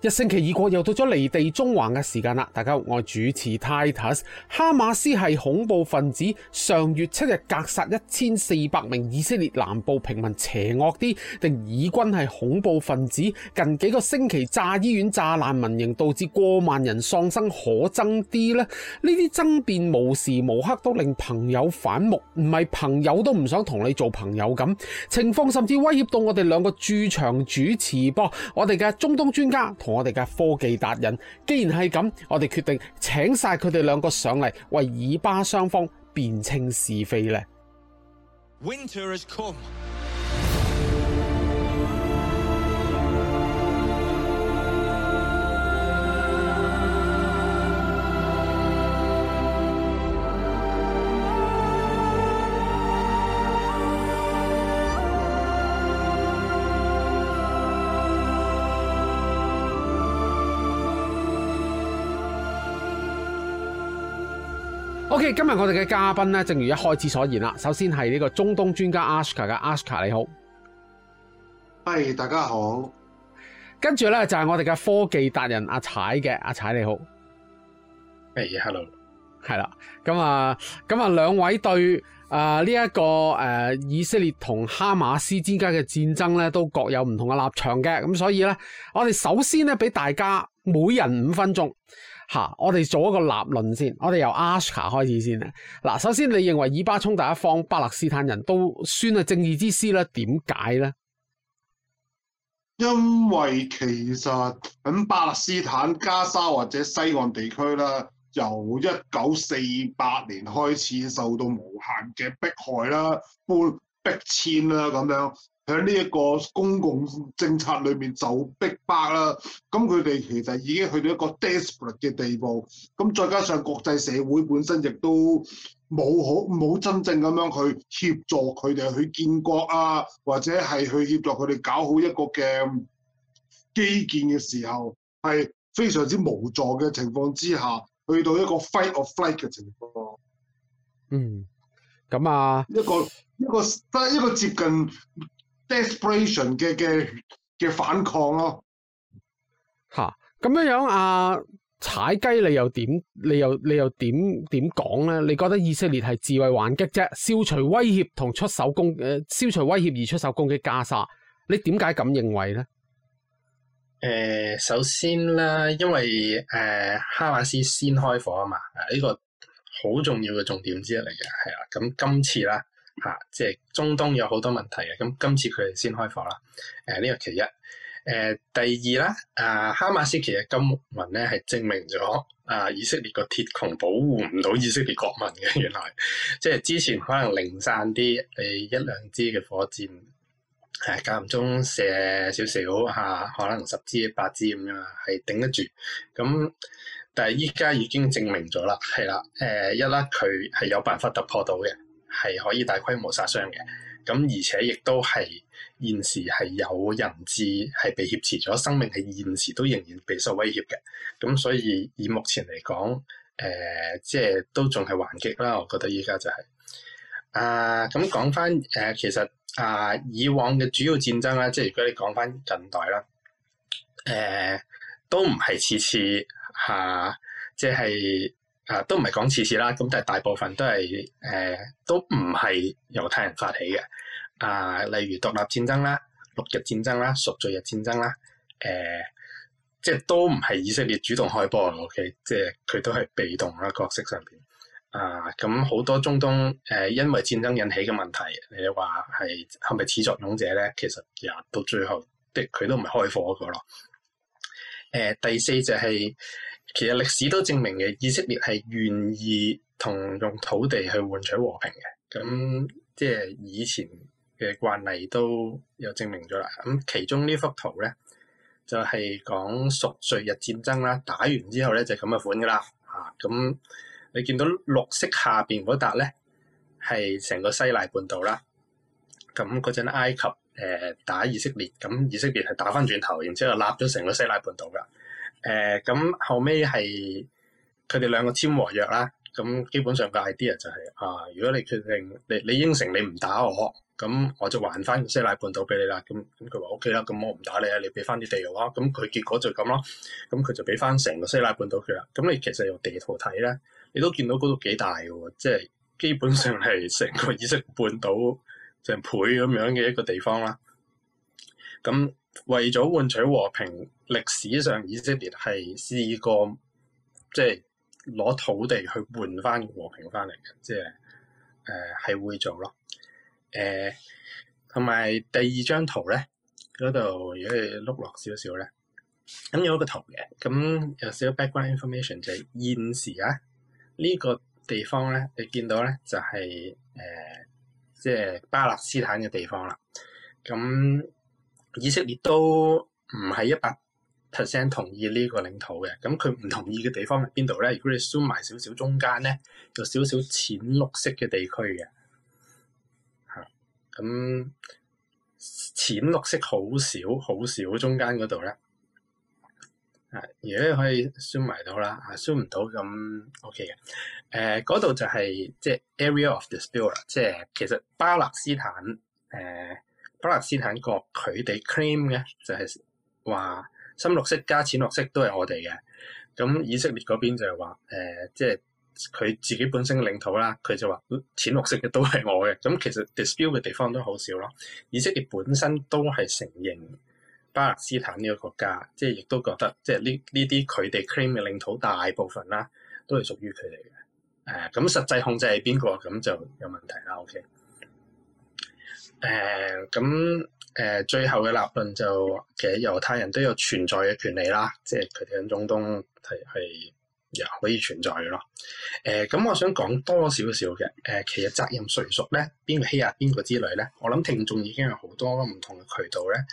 一星期已過，又到咗離地縱橫嘅時間啦！大家好，我係主持 Titus，哈馬斯係恐怖分子，上月七日格殺一千四百名以色列南部平民邪惡，邪惡啲，定以軍係恐怖分子，近幾個星期炸醫院、炸難民營，導致過萬人喪生，可憎啲呢？呢啲爭辯無時無刻都令朋友反目，唔係朋友都唔想同你做朋友咁。情況甚至威脅到我哋兩個駐場主持噃，我哋嘅中東專家。我哋嘅科技達人，既然係咁，我哋決定請晒佢哋兩個上嚟為以巴雙方辨清是非咧。今日我哋嘅嘉賓咧，正如一開始所言啦，首先係呢個中東專家 Asuka 嘅，Asuka 你好，嗨，大家好。跟住咧就係我哋嘅科技達人阿踩嘅，阿踩你好，誒、hey，hello，係啦，咁啊，咁啊，兩位對誒呢一個誒、呃、以色列同哈馬斯之間嘅戰爭咧都各有唔同嘅立場嘅，咁所以咧，我哋首先咧俾大家每人五分鐘。嚇、啊！我哋做一個立論先，我哋由 Asuka 開始先啊。嗱，首先你認為以巴衝第一方巴勒斯坦人都算係正義之師咧？點解咧？因為其實喺巴勒斯坦加沙或者西岸地區啦，由一九四八年開始受到無限嘅迫害啦、搬迫遷啦咁樣。喺呢一個公共政策裏面就逼巴啦，咁佢哋其實已經去到一個 desperate 嘅地步，咁再加上國際社會本身亦都冇好冇真正咁樣去協助佢哋去建國啊，或者係去協助佢哋搞好一個嘅基建嘅時候，係非常之無助嘅情況之下，去到一個 fight or flight 嘅情況。嗯，咁啊一，一個一個得一個接近。desperation 嘅嘅嘅反抗咯，吓咁、啊、樣樣啊！踩雞你又點？你又你又點點講咧？你覺得以色列係自衛還擊啫？消除威脅同出手攻誒，消、呃、除威脅而出手攻擊加沙，你點解咁認為咧？誒、呃，首先咧，因為誒、呃，哈馬斯先開火啊嘛，誒、這、呢個好重要嘅重點之一嚟嘅係啊，咁今次咧。吓、啊，即係中東有好多問題嘅，咁、嗯、今次佢哋先開火啦。誒、呃，呢、這個其一，誒、呃，第二啦，啊，哈馬斯奇嘅金文咧係證明咗啊，以色列個鐵穹保護唔到以色列國民嘅。原來即係之前可能零散啲，誒、呃，一兩支嘅火箭係間唔中射少少吓，可能十支八支咁樣係頂得住。咁、嗯、但係依家已經證明咗啦，係啦，誒，一啦，佢係有辦法突破到嘅。係可以大規模殺傷嘅，咁而且亦都係現時係有人質係被挾持咗，生命係現時都仍然被受威脅嘅，咁所以以目前嚟講，誒、呃、即係都仲係還擊啦，我覺得依家就係、是、啊，咁講翻誒，其實啊、呃、以往嘅主要戰爭咧，即係如果你講翻近代啦，誒、呃、都唔係次次吓即係。啊就是啊，都唔係講次次啦，咁但係大部分都係誒、呃，都唔係猶太人發起嘅。啊，例如獨立戰爭啦、六日戰爭啦、贖罪日戰爭啦，誒、呃，即係都唔係以色列主動開波嘅，okay? 即係佢都係被動啦，角色上邊。啊，咁、嗯、好多中東誒、呃，因為戰爭引起嘅問題，你話係係咪始作俑者咧？其實也、呃、到最後，的佢都唔係開火個咯。誒、呃，第四就係、是。其實歷史都證明嘅，以色列係願意同用土地去換取和平嘅。咁、嗯、即係以前嘅慣例都有證明咗啦。咁、嗯、其中呢幅圖咧，就係講贖罪日戰爭啦。打完之後咧就咁、是、嘅款噶啦嚇。咁、啊嗯、你見到綠色下邊嗰笪咧，係成個西奈半島啦。咁嗰陣埃及誒、呃、打以色列，咁、嗯、以色列係打翻轉頭，然之後立咗成個西奈半島噶。誒咁、呃、後尾係佢哋兩個簽和約啦，咁基本上個 idea 就係、是、啊，如果你決定你你應承你唔打我，咁我就還翻西奈半島俾你啦。咁咁佢話 O K 啦，咁、OK，嗯、我唔打你啊，你俾翻啲地圖啊。咁、嗯、佢結果就咁咯，咁佢就俾翻成個西奈半島佢啦。咁、嗯、你其實你用地圖睇咧，你都見到嗰度幾大嘅喎，即係基本上係成個以色列半島成倍咁樣嘅一個地方啦。咁、嗯為咗換取和平，歷史上以色列係試過，即係攞土地去換翻和平翻嚟嘅，即係，誒係會做咯。誒、呃，同埋第二張圖咧，嗰度如果碌落少少咧，咁、嗯、有一個圖嘅，咁、嗯、有少少 background information 就係現時啊呢、這個地方咧，你見到咧就係、是、誒、呃、即係巴勒斯坦嘅地方啦，咁、嗯。以色列都唔係一百 percent 同意呢個領土嘅，咁佢唔同意嘅地方係邊度咧？如果你 zoom 埋少少中間咧，有少少淺綠色嘅地區嘅嚇，咁淺綠色好少，好少中間嗰度咧啊！如果你可以 zoom 埋到啦，啊 zoom 唔到咁 OK 嘅，誒嗰度就係即係 area of dispute 啦，即係其實巴勒斯坦誒。呃巴勒斯坦國佢哋 claim 嘅就係話深綠色加淺綠色都係我哋嘅，咁以色列嗰邊就係話誒，即係佢自己本身嘅領土啦，佢就話淺綠色嘅都係我嘅，咁其實 dispute 嘅地方都好少咯。以色列本身都係承認巴勒斯坦呢個國家，即係亦都覺得即係呢呢啲佢哋 claim 嘅領土大部分啦，都係屬於佢哋嘅。誒、呃，咁實際控制係邊個咁就有問題啦。OK。誒，咁誒、呃呃，最後嘅立論就其實猶太人都有存在嘅權利啦，即係佢哋喺中東係係又可以存在嘅咯。誒、呃，咁我想講多少少嘅，誒、呃，其實責任誰屬咧？邊個欺壓邊個之類咧？我諗聽眾已經有好多唔同嘅渠道咧，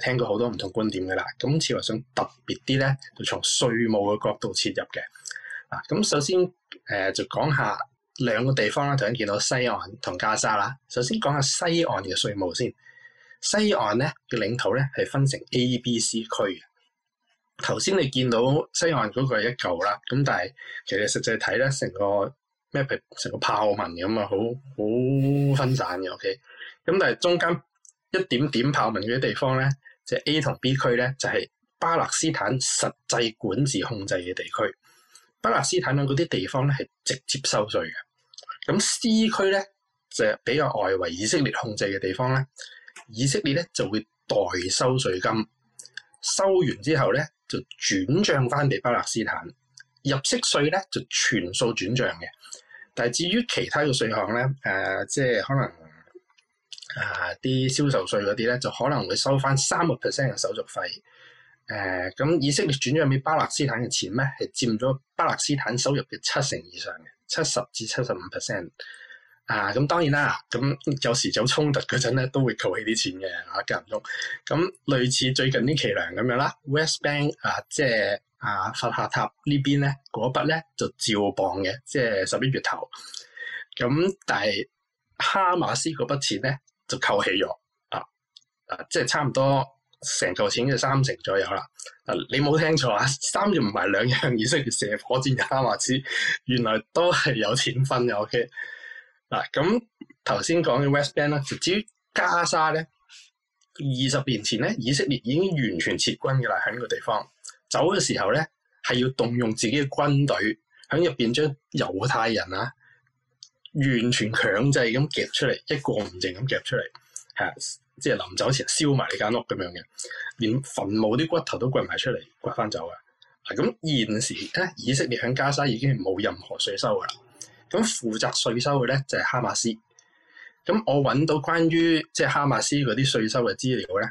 誒，聽過好多唔同觀點嘅啦。咁次我想特別啲咧，就從稅務嘅角度切入嘅。嗱、啊，咁、嗯、首先誒、呃，就講下。兩個地方啦，頭先見到西岸同加沙啦。首先講下西岸嘅稅務先。西岸咧嘅領土咧係分成 A、B、C 區嘅。頭先你見到西岸嗰個係一嚿啦，咁但係其實實際睇咧，成個咩成個豹紋咁啊，好好分散嘅。O.K. 咁但係中間一點點豹紋嗰啲地方咧，即係 A 同 B 區咧，就係巴勒斯坦實際管治控制嘅地區。巴勒斯坦嗰啲地方咧係直接收稅嘅，咁 C 區咧就比較外圍，以色列控制嘅地方咧，以色列咧就會代收稅金，收完之後咧就轉帳翻俾巴勒斯坦，入息稅咧就全數轉帳嘅。但係至於其他嘅稅項咧，誒、呃、即係可能啊啲、呃、銷售稅嗰啲咧，就可能會收翻三個 percent 嘅手續費。誒，咁、呃、以色列轉咗去巴勒斯坦嘅錢咧，係佔咗巴勒斯坦收入嘅七成以上嘅，七十至七十五 percent。啊，咁當然啦，咁有時就衝突嗰陣咧，都會扣起啲錢嘅。啊，間唔中。咁、啊、類似最近啲期糧咁樣啦 ，West Bank 啊，即係啊，法哈塔邊呢邊咧，嗰筆咧就照磅嘅，即係十一月頭。咁、啊、但係哈馬斯嗰筆錢咧就扣起咗。啊啊，即係差唔多。成嚿錢嘅三成左右啦，你冇聽錯啊！三樣唔係兩樣，以色列射火箭哈馬斯原來都係有錢分嘅。O.K. 嗱，咁頭先講嘅 West Bank 啦，至於加沙咧，二十年前咧，以色列已經完全撤軍嘅啦，喺呢個地方走嘅時候咧，係要動用自己嘅軍隊喺入邊將猶太人啊，完全強制咁夾出嚟，一個唔淨咁夾出嚟，嚇！即係臨走前燒埋你間屋咁樣嘅，連墳墓啲骨頭都掘埋出嚟，掘翻走嘅。咁現時咧，以色列喺加沙已經冇任何稅收噶啦。咁、嗯、負責稅收嘅咧就係、是、哈馬斯。咁、嗯、我揾到關於即係哈馬斯嗰啲稅收嘅資料咧，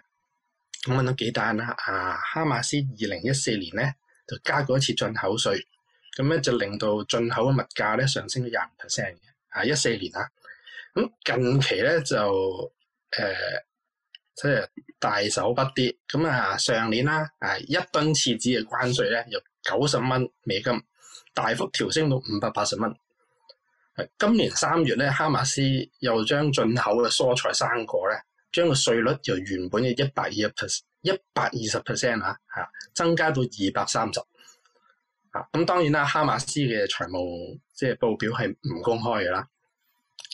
咁揾到幾單啦、啊。啊，哈馬斯二零一四年咧就加過一次進口稅，咁、嗯、咧就令到進口嘅物價咧上升咗廿五 percent 嘅。啊，一四年啦。咁、嗯、近期咧就誒。呃即係大手筆啲。咁啊上年啦，啊一噸廁紙嘅關稅咧由九十蚊美金大幅調升到五百八十蚊。今年三月咧，哈馬斯又將進口嘅蔬菜生果咧，將個稅率由原本嘅一百二十 percent 一百二十 percent 吓吓，增加到二百三十。吓、啊、咁當然啦，哈馬斯嘅財務即係報表係唔公開嘅啦。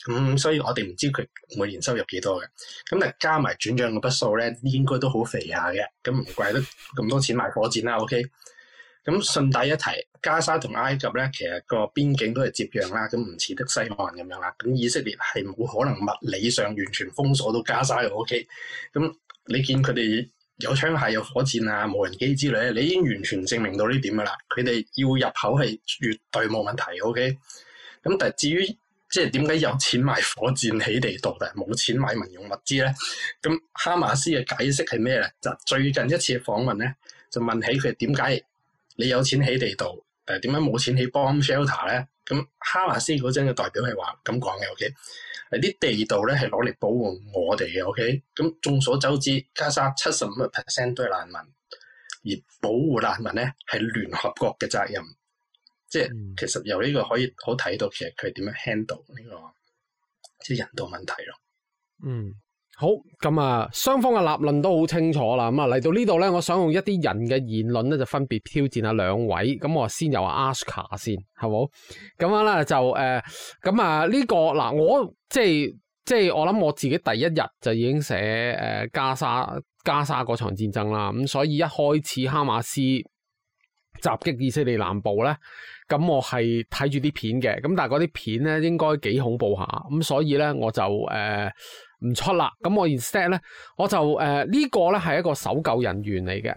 咁、嗯、所以我哋唔知佢每年收入幾多嘅，咁但加埋轉帳嘅筆數咧，應該都好肥下嘅，咁唔怪得咁多錢買火箭啦，OK？咁、嗯、順帶一提，加沙同埃及咧，其實個邊境都係接壤啦，咁唔似得西岸咁樣啦，咁以色列係冇可能物理上完全封鎖到加沙嘅，OK？咁、嗯、你見佢哋有槍械、有火箭啊、無人機之類，你已經完全證明到呢點噶啦，佢哋要入口係絕對冇問題，OK？咁、嗯、但係至於，即係點解有錢買火箭起地道，但係冇錢買民用物資咧？咁哈馬斯嘅解釋係咩咧？就最近一次嘅訪問咧，就問起佢點解你有錢起地道，但係點解冇錢起 bomb shelter 咧？咁哈馬斯嗰陣嘅代表係話咁講嘅，OK？啲地道咧係攞嚟保護我哋嘅，OK？咁眾所周知，加沙七十五個 percent 都係難民，而保護難民咧係聯合國嘅責任。即係、嗯、其實由呢個可以好睇到，其實佢點樣 handle 呢，這個即係人道問題咯。嗯，好，咁、嗯、啊，雙方嘅立論都好清楚啦。咁啊嚟到呢度咧，我想用一啲人嘅言論咧，就分別挑戰下兩位。咁、嗯、我先由阿 Asuka 先，係冇。咁樣咧就誒，咁啊呢個嗱、呃，我即係即係我諗我自己第一日就已經寫誒、呃、加沙加沙嗰場戰爭啦。咁、嗯、所以一開始哈馬斯襲擊以色列南部咧。咁我係睇住啲片嘅，咁但係嗰啲片咧應該幾恐怖下，咁所以咧我就誒唔出啦。咁我 instead 咧，我就誒、uh, 呢就、uh, 個咧係一個搜救人員嚟嘅。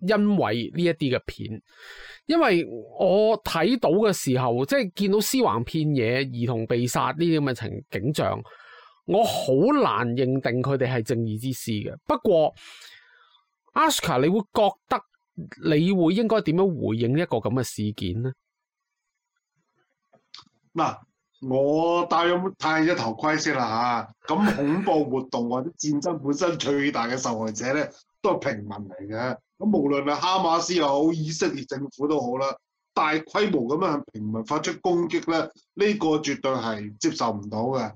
因為呢一啲嘅片，因為我睇到嘅時候，即係見到屍橫遍野，兒童被殺呢啲咁嘅情景象，我好難認定佢哋係正義之師嘅。不過，Asuka，你會覺得你會應該點樣回應一個咁嘅事件呢？嗱，我戴咗戴咗頭盔先啦吓。咁恐怖活動或者戰爭本身最大嘅受害者咧，都係平民嚟嘅。咁無論係哈馬斯又好，以色列政府都好啦，大規模咁向平民發出攻擊咧，呢、呢個絕對係接受唔到嘅，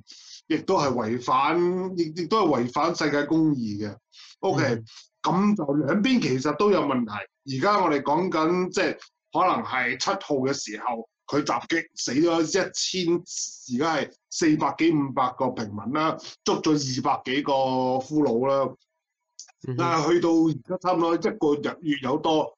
亦都係違反，亦亦都係違反世界公義嘅。OK，咁、嗯、就兩邊其實都有問題。而家我哋講緊即係可能係七號嘅時候，佢襲擊死咗一千，而家係四百幾五百個平民啦，捉咗二百幾個俘虜啦。但係、嗯、去到而家差唔多一個日月有多，誒、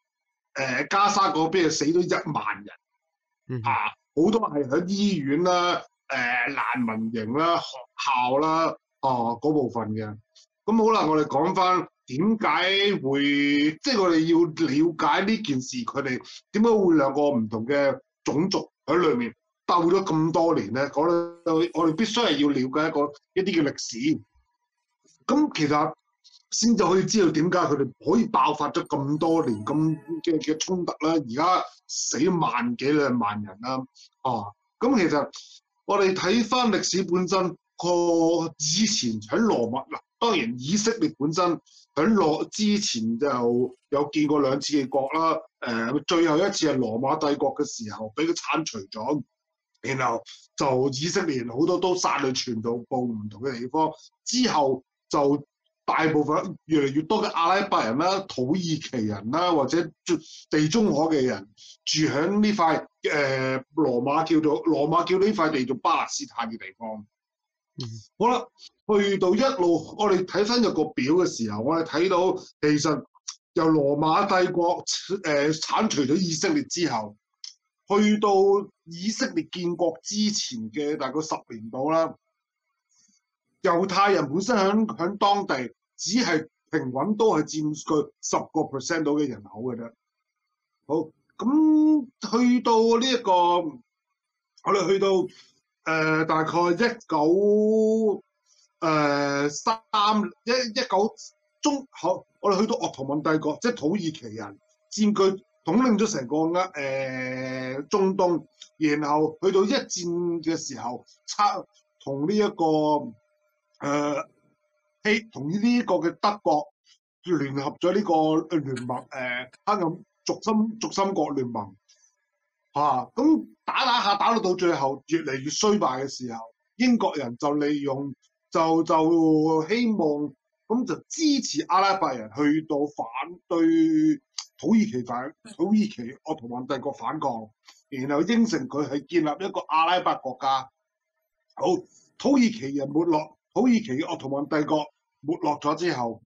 呃、加沙嗰邊死咗一萬人啊！好、嗯、多係喺醫院啦、誒、呃、難民營啦、學校啦，哦、呃、嗰部分嘅。咁好啦，我哋講翻點解會，即、就、係、是、我哋要了解呢件事，佢哋點解會兩個唔同嘅種族喺裏面鬥咗咁多年咧？我哋我哋必須係要了解一個一啲嘅歷史。咁其實，先就可以知道點解佢哋可以爆發咗咁多年咁嘅嘅衝突啦！而家死萬幾兩萬人啦，哦、啊，咁其實我哋睇翻歷史本身，個以前喺羅馬嗱，當然以色列本身喺羅之前就有見過兩次嘅國啦，誒，最後一次係羅馬帝國嘅時候俾佢剷除咗，然後就以色列好多都散去全部部唔同嘅地方，之後就。大部分越嚟越多嘅阿拉伯人啦、土耳其人啦，或者地中海嘅人住喺呢塊誒羅馬叫做羅馬叫呢塊地做巴勒斯坦嘅地方。嗯、好啦，去到一路我哋睇翻入個表嘅時候，我哋睇到其實由羅馬帝國誒、呃、剷除咗以色列之後，去到以色列建國之前嘅大概十年度啦。猶太人本身喺喺當地只係平穩，都係佔據十個 percent 到嘅人口嘅。啫。好，咁去到呢、這、一個，我哋去到誒、呃、大概一九誒三一一九中後，我哋去到鄂圖曼帝國，即、就、係、是、土耳其人佔據統領咗成個啱誒、呃、中東，然後去到一戰嘅時候，差同呢一個。誒希同呢個嘅德國聯合咗呢個聯盟，誒黑暗軸心軸心國聯盟嚇，咁、啊、打打下打到到最後越嚟越衰敗嘅時候，英國人就利用就就希望咁就支持阿拉伯人去到反對土耳其反土耳其奧托曼帝國反抗，然後應承佢係建立一個阿拉伯國家。好，土耳其人沒落。土耳其嘅奧圖曼帝國沒落咗之後，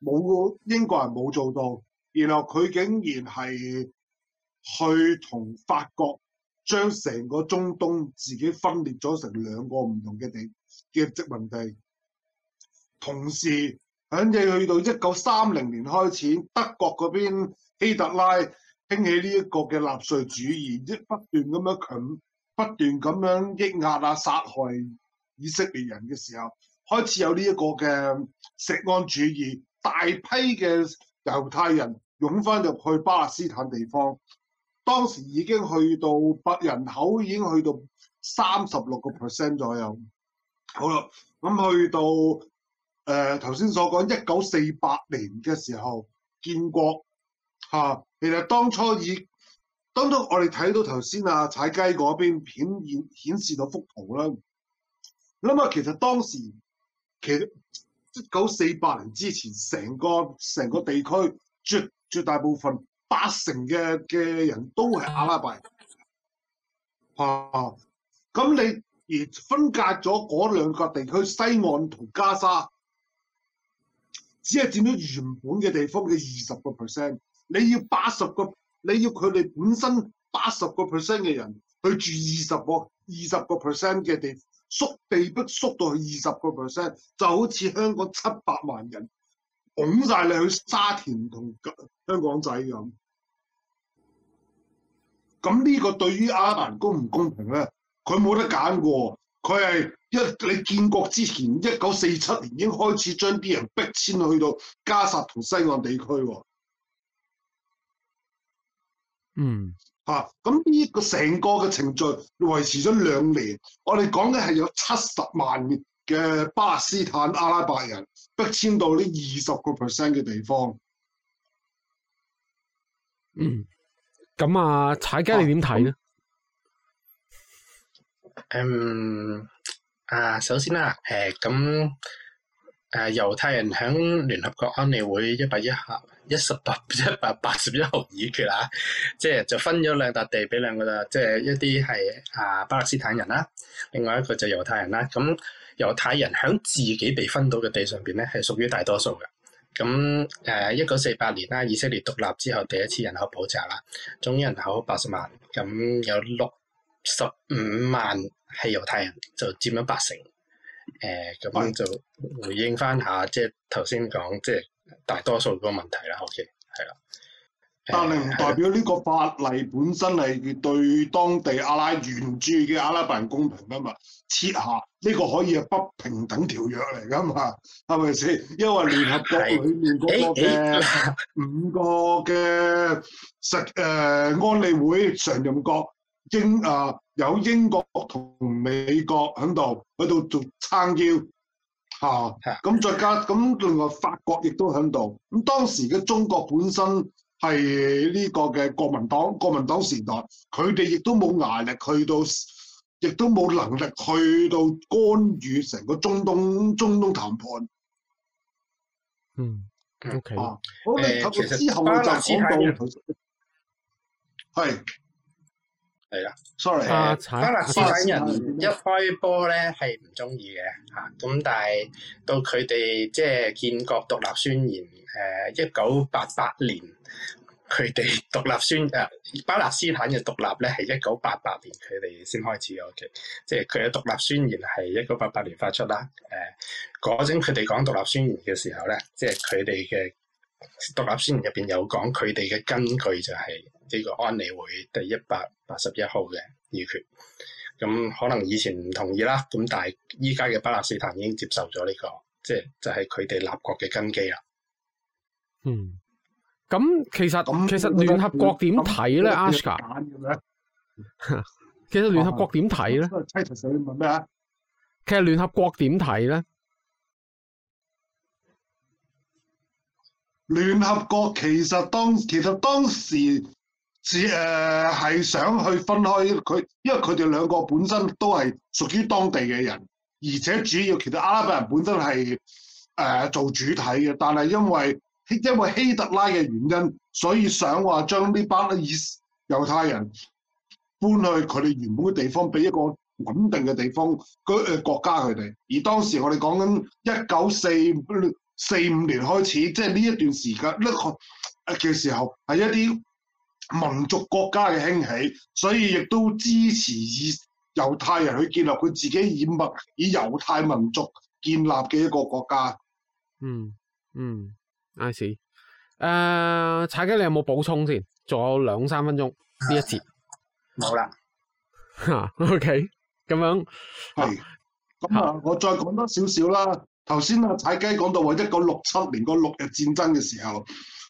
冇英國人冇做到，然後佢竟然係去同法國將成個中東自己分裂咗成兩個唔同嘅地嘅殖民地，同時響你去到一九三零年開始，德國嗰邊希特拉興起呢一個嘅納粹主義，即不斷咁樣強，不斷咁樣抑壓啊、殺害。以色列人嘅時候開始有呢一個嘅錫安主義，大批嘅猶太人湧翻入去巴勒斯坦地方，當時已經去到百人口已經去到三十六個 percent 左右。好啦，咁去到誒頭先所講一九四八年嘅時候建國嚇，啊，其實當初以當初我哋睇到頭先啊踩雞嗰邊顯現顯示到幅圖啦。咁啊！其實當時，其實一九四八年之前，成個成個地區絕絕大部分八成嘅嘅人都係阿拉伯。啊，咁、啊啊、你而分隔咗嗰兩個地區，西岸同加沙，只係佔咗原本嘅地方嘅二十個 percent。你要八十個，你要佢哋本身八十個 percent 嘅人去住二十個二十個 percent 嘅地方。縮地逼縮到去二十個 percent，就好似香港七百萬人拱晒你去沙田同香港仔咁。咁呢個對於阿拉伯公唔公平咧？佢冇得揀嘅喎，佢係一你建國之前一九四七年已經開始將啲人逼遷去到加薩同西岸地區喎。嗯。吓，咁呢、啊、個成個嘅程序維持咗兩年，我哋講嘅係有七十萬嘅巴勒斯坦阿拉伯人逼遷到呢二十個 percent 嘅地方。嗯，咁、嗯、啊，踩雞你點睇呢？嗯、啊，啊，首先啦、啊，誒、欸，咁。誒、啊、猶太人喺聯合國安理會一百一十、一十八、一百八十一號議決啦、啊，即係就分咗兩笪地俾兩個即係一啲係啊巴勒斯坦人啦、啊，另外一個就猶太人啦、啊。咁、啊、猶太人喺自己被分到嘅地上邊咧，係屬於大多數嘅。咁誒一九四八年啦、啊，以色列獨立之後第一次人口普查啦，總人口八十萬，咁有六十五萬係猶太人，就佔咗八成。誒咁、嗯、樣就回應翻下，即係頭先講，即係、就是、大多數個問題啦。OK，係啦。但係唔代表呢個法例本身係對當地阿拉原住嘅阿拉伯人公平㗎嘛？設下呢，這個可以係不平等條約嚟㗎嘛？係咪先？因為聯合國裏面嗰個嘅的五個嘅實誒安理會常任國。英啊，有英國同美國喺度喺度做撐腰吓，咁、啊、再加咁，另外法國亦都喺度，咁當時嘅中國本身係呢個嘅國民黨，國民黨時代，佢哋亦都冇牙力去到，亦都冇能力去到干預成個中東中東談判。嗯，O K。哦、okay, 啊，好，之後就講到係。嗯 okay, 呃係啦，sorry，、啊、巴勒斯坦人一開波咧係唔中意嘅嚇，咁、啊、但係到佢哋即係建國獨立宣言，誒一九八八年佢哋獨立宣誒、呃、巴勒斯坦嘅獨立咧係一九八八年佢哋先開始嘅，即係佢嘅獨立宣言係一九八八年發出啦，誒嗰陣佢哋講獨立宣言嘅時候咧，即係佢哋嘅獨立宣言入邊有講佢哋嘅根據就係、是。呢個安理會第一百八十一號嘅議決，咁可能以前唔同意啦，咁但係依家嘅巴勒斯坦已經接受咗呢個，即係就係佢哋立國嘅根基啦、嗯嗯。嗯，咁其實其實聯合國點睇咧？Asuka，其實聯合國點睇咧？其實聯合國點睇咧？聯合國其實當其實當時。只誒係想去分開佢，因為佢哋兩個本身都係屬於當地嘅人，而且主要其實阿拉伯人本身係誒、呃、做主體嘅，但係因為因為希特拉嘅原因，所以想話將呢班以色列猶太人搬去佢哋原本嘅地方，俾一個穩定嘅地方嗰誒國家佢哋。而當時我哋講緊一九四四五年開始，即係呢一段時間呢個嘅時候係一啲民族國家嘅興起，所以亦都支持以猶太人去建立佢自己以民以猶太民族建立嘅一個國家。嗯嗯，I see，誒，踩、uh, 雞，你有冇補充先？仲有兩三分鐘呢的一節。冇啦。嚇，OK，咁樣。係。咁啊，我再講多少少啦。頭先啊，踩雞講到話一九六七年個六日戰爭嘅時候，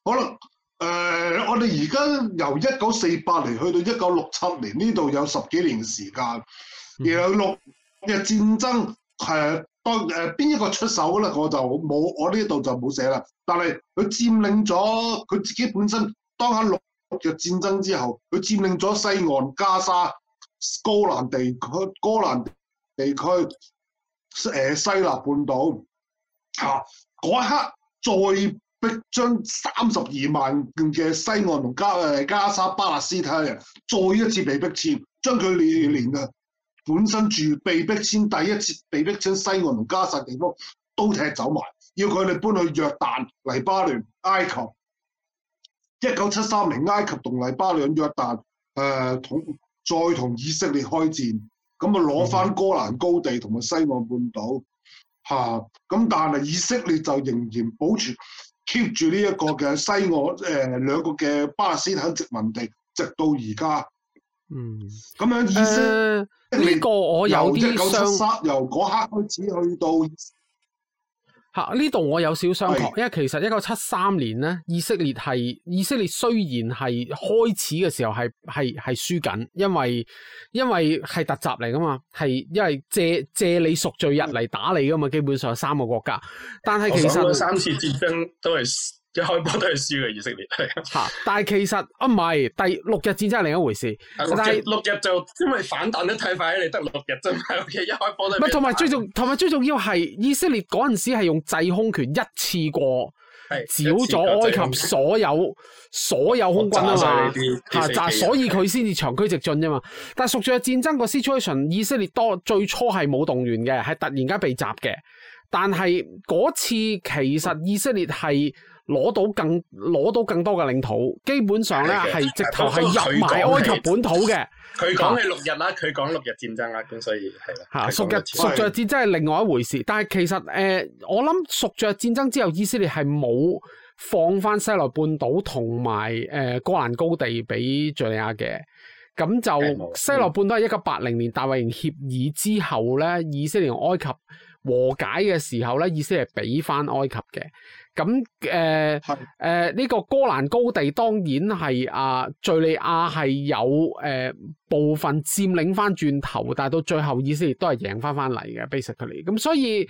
好啦。誒、呃，我哋而家由一九四八年去到一九六七年，呢度有十幾年時間。而後、嗯、六日戰爭，係當誒邊一個出手咧，我就冇我呢度就冇寫啦。但係佢佔領咗佢自己本身當下六日戰爭之後，佢佔領咗西岸加沙高蘭地區高蘭地區誒、呃、西奈半島嚇嗰、啊、一刻再。逼將三十二萬嘅西岸同加、誒加沙巴勒斯坦人再一次被逼遷，將佢哋連啊本身住被逼遷，第一次被逼遷西岸同加沙地方都踢走埋，要佢哋搬去約旦、黎巴嫩、埃及。一九七三年，埃及同黎巴嫩、約旦誒同、呃、再同以色列開戰，咁啊攞翻戈蘭高地同埋西岸半島嚇，咁、嗯啊、但係以色列就仍然保存。keep 住呢一個嘅西澳誒、呃、兩個嘅巴勒斯坦殖民地，直到而家。嗯，咁樣意思呢、呃、這個我有啲傷。由嗰刻開始去到。吓，呢度、啊、我有少少商確，Okay. 因為其實一九七三年咧，以色列係以色列雖然係開始嘅時候係係係輸緊，因為因為係突襲嚟噶嘛，係因為借借你贖罪日嚟打你噶嘛，基本上三個國家，但係其實，我我三次戰爭都係。 一開波都係輸嘅，以色列係。吓、 啊，但係其實唔係、啊，第六日戰爭係另一回事。啊、但係是六,六日就因為反彈得太快，你得六日啫嘛。六日，okay? 一開波都唔係。同埋、啊、最重要，同埋最重要係以色列嗰陣時係用制空權一次過，少咗埃及所有所有，所有空軍啊嘛。啊，啊所以佢先至長驅直進啫嘛。的但係隨着戰爭個 situation，以色列多最初係冇動員嘅，係突然間被襲嘅。但係嗰次其實以色列係。 攞到更攞到更多嘅領土，基本上咧係的直頭係入埋埃及本土嘅。佢講係六日啦，佢講六日戰爭啦，咁所以係啦。吓，贖日贖罪戰爭係的的另外一回事，的但係其實誒、呃，我諗贖罪戰爭之後，以色列係冇放翻西奈半島同埋誒哥蘭高地俾敘利亞嘅，咁就西奈半島係一九八零年大衛營協議之後咧，以色列同埃及。和解嘅時候咧，意思係俾翻埃及嘅。咁誒誒，呢個哥蘭高地當然係啊，敍利亞係有誒、啊、部分佔領翻轉頭，但係到最後，以色列都係贏翻翻嚟嘅 basically。咁所以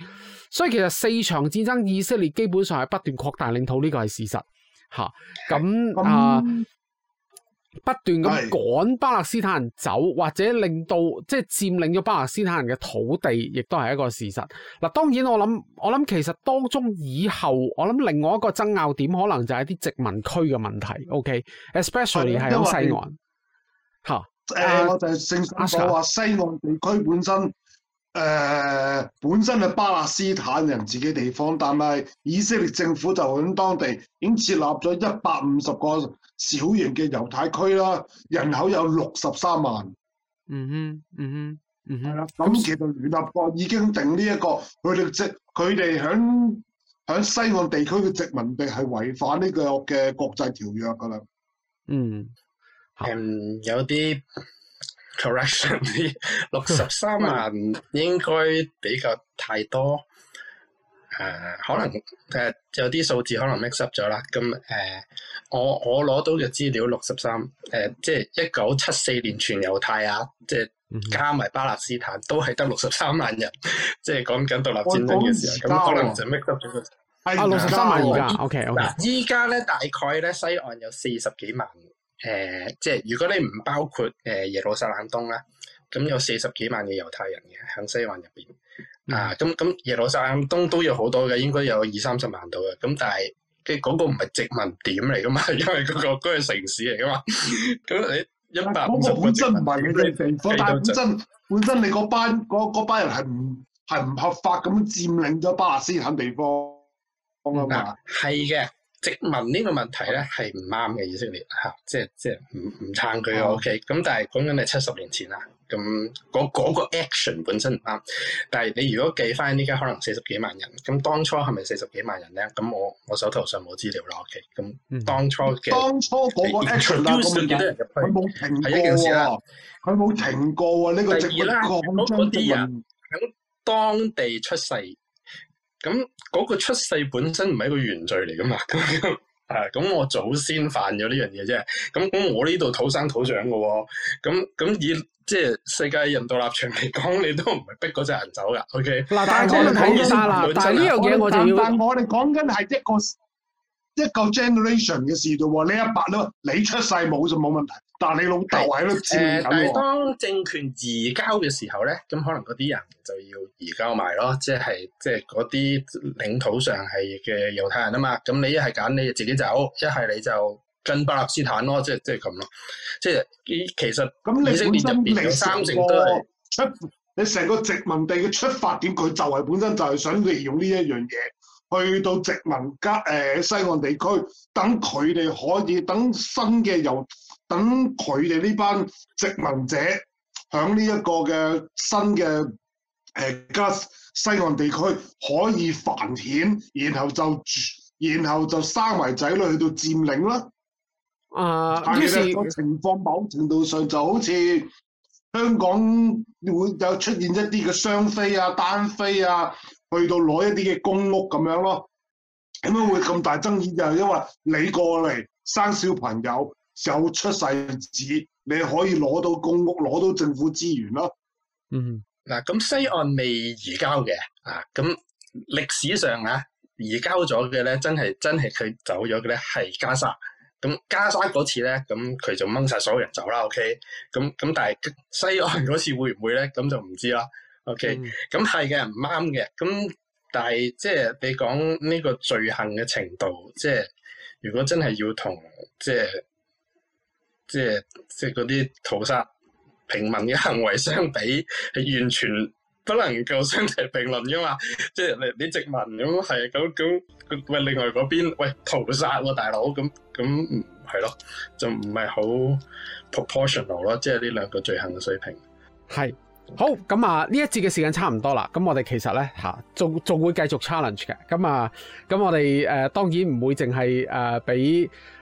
所以其實四場戰爭，以色列基本上係不斷擴大領土，呢個係事實嚇。咁啊。的不斷咁趕巴勒斯坦人走，或者令到即係佔領咗巴勒斯坦人嘅土地，亦都係一個事實。嗱，當然我諗，我諗其實當中以後，我諗另外一個爭拗點，可能就係啲殖民區嘅問題。OK，especially 係喺為西岸。吓，誒，我就正話西岸地區本身，誒、啊呃，本身係巴勒斯坦人自己地方，但係以色列政府就喺當地已經設立咗一百五十個。小型嘅猶太區啦，人口有六十三萬。嗯哼，嗯哼，嗯哼，係啦。咁其實聯合國已經定呢、這、一個佢哋植佢哋響響西岸地區嘅殖民地係違反呢個嘅國際條約㗎啦。嗯，誒、嗯、有啲 correction 啲六十 三萬應該比較太多。誒、uh, 可能誒、uh, 有啲數字可能 mix up 咗啦，咁誒、uh, 我我攞到嘅資料六十三，誒即係一九七四年全猶太啊，即係加埋巴勒斯坦都係得六十三萬人，即係講緊獨立戰爭嘅時候，咁、哦、可能就 mix up 咗嘅。啊六十三萬㗎，O K O K。嗱依家咧大概咧西岸有四十幾萬，誒即係如果你唔包括誒耶路撒冷東咧，咁有四十幾萬嘅猶太人嘅喺西岸入邊。嗱，咁咁、嗯，耶路撒冷東都有好多嘅，應該有二三十萬度嘅。咁但係嘅嗰個唔係殖民點嚟噶嘛，因為嗰、嗰個嗰、嗰個城市嚟噶嘛，咁 你一百五十個殖民點，我但係本身但本身的你嗰班班人係唔係唔合法咁佔領咗巴勒斯坦地方，啱唔啱係嘅。殖民呢個問題咧，係唔啱嘅以色列嚇，即係即係唔唔撐佢 OK 咁，但係講緊你七十年前啦。咁講嗰個 action 本身唔啱，但係你如果計翻呢家可能四十幾萬人，咁當初係咪四十幾萬人咧？咁我我手頭上冇資料啦。OK，咁當初嘅、嗯、當初嗰個 action 用 啊，啲人佢冇停過喎、啊，佢冇停過喎、啊。呢、這個殖民當啲人喺當地出世。咁嗰個出世本身唔係一個原罪嚟噶嘛，啊， 咁我祖先犯咗呢樣嘢啫，咁咁我呢度土生土長噶、哦，咁咁以即係世界人道立場嚟講，你都唔係逼嗰隻人走噶，O K 嗱，okay? 但係我睇而家嗱，但係呢樣嘢我就要但我哋講緊係一個一個 generation 嘅事啫喎，呢一百咯，你出世冇就冇問題。嗱，但你老豆喺度黐緊當政權移交嘅時候咧，咁可能嗰啲人就要移交埋咯，即係即係嗰啲領土上係嘅猶太人啊嘛。咁你一係揀你就自己走，一係你就跟巴勒斯坦咯，即係即係，即係即係咁咯。即係其實咁你本身未成個出，你成個殖民地嘅出發點，佢就係本身就係想利用呢一樣嘢去到殖民加誒、呃、西岸地區，等佢哋可以等新嘅猶。等佢哋呢班殖民者響呢一個嘅新嘅誒加西岸地區可以繁衍，然後就住然後就生埋仔女去到佔領啦。啊、uh，於是個情況某程度上就好似香港會有出現一啲嘅雙飛啊、單飛啊，去到攞一啲嘅公屋咁樣咯。點解會咁大爭議？就係因為你過嚟生小朋友。就出世紙，你可以攞到公屋，攞到政府資源咯。嗯，嗱，咁西岸未移交嘅啊，咁歷史上啊移交咗嘅咧，真係真係佢走咗嘅咧係加沙。咁加沙嗰次咧，咁佢就掹晒所有人走啦。OK，咁咁但係西岸嗰次會唔會咧？咁就唔知啦。OK，咁係嘅唔啱嘅。咁但係即係你講呢個罪行嘅程度，即係如果真係要同即係。即係即係嗰啲屠殺平民嘅行為相比，係完全不能夠相提並論噶嘛？即係你你殖民咁係咁咁喂，另外嗰邊喂屠殺，啊、大佬咁咁係咯，就唔係好 proportional 咯，即係呢兩個罪行嘅水平係好咁啊。呢一節嘅時間差唔多啦，咁我哋其實咧吓，仲仲會繼續 challenge 嘅。咁啊，咁我哋誒、呃，當然唔會淨係誒俾。呃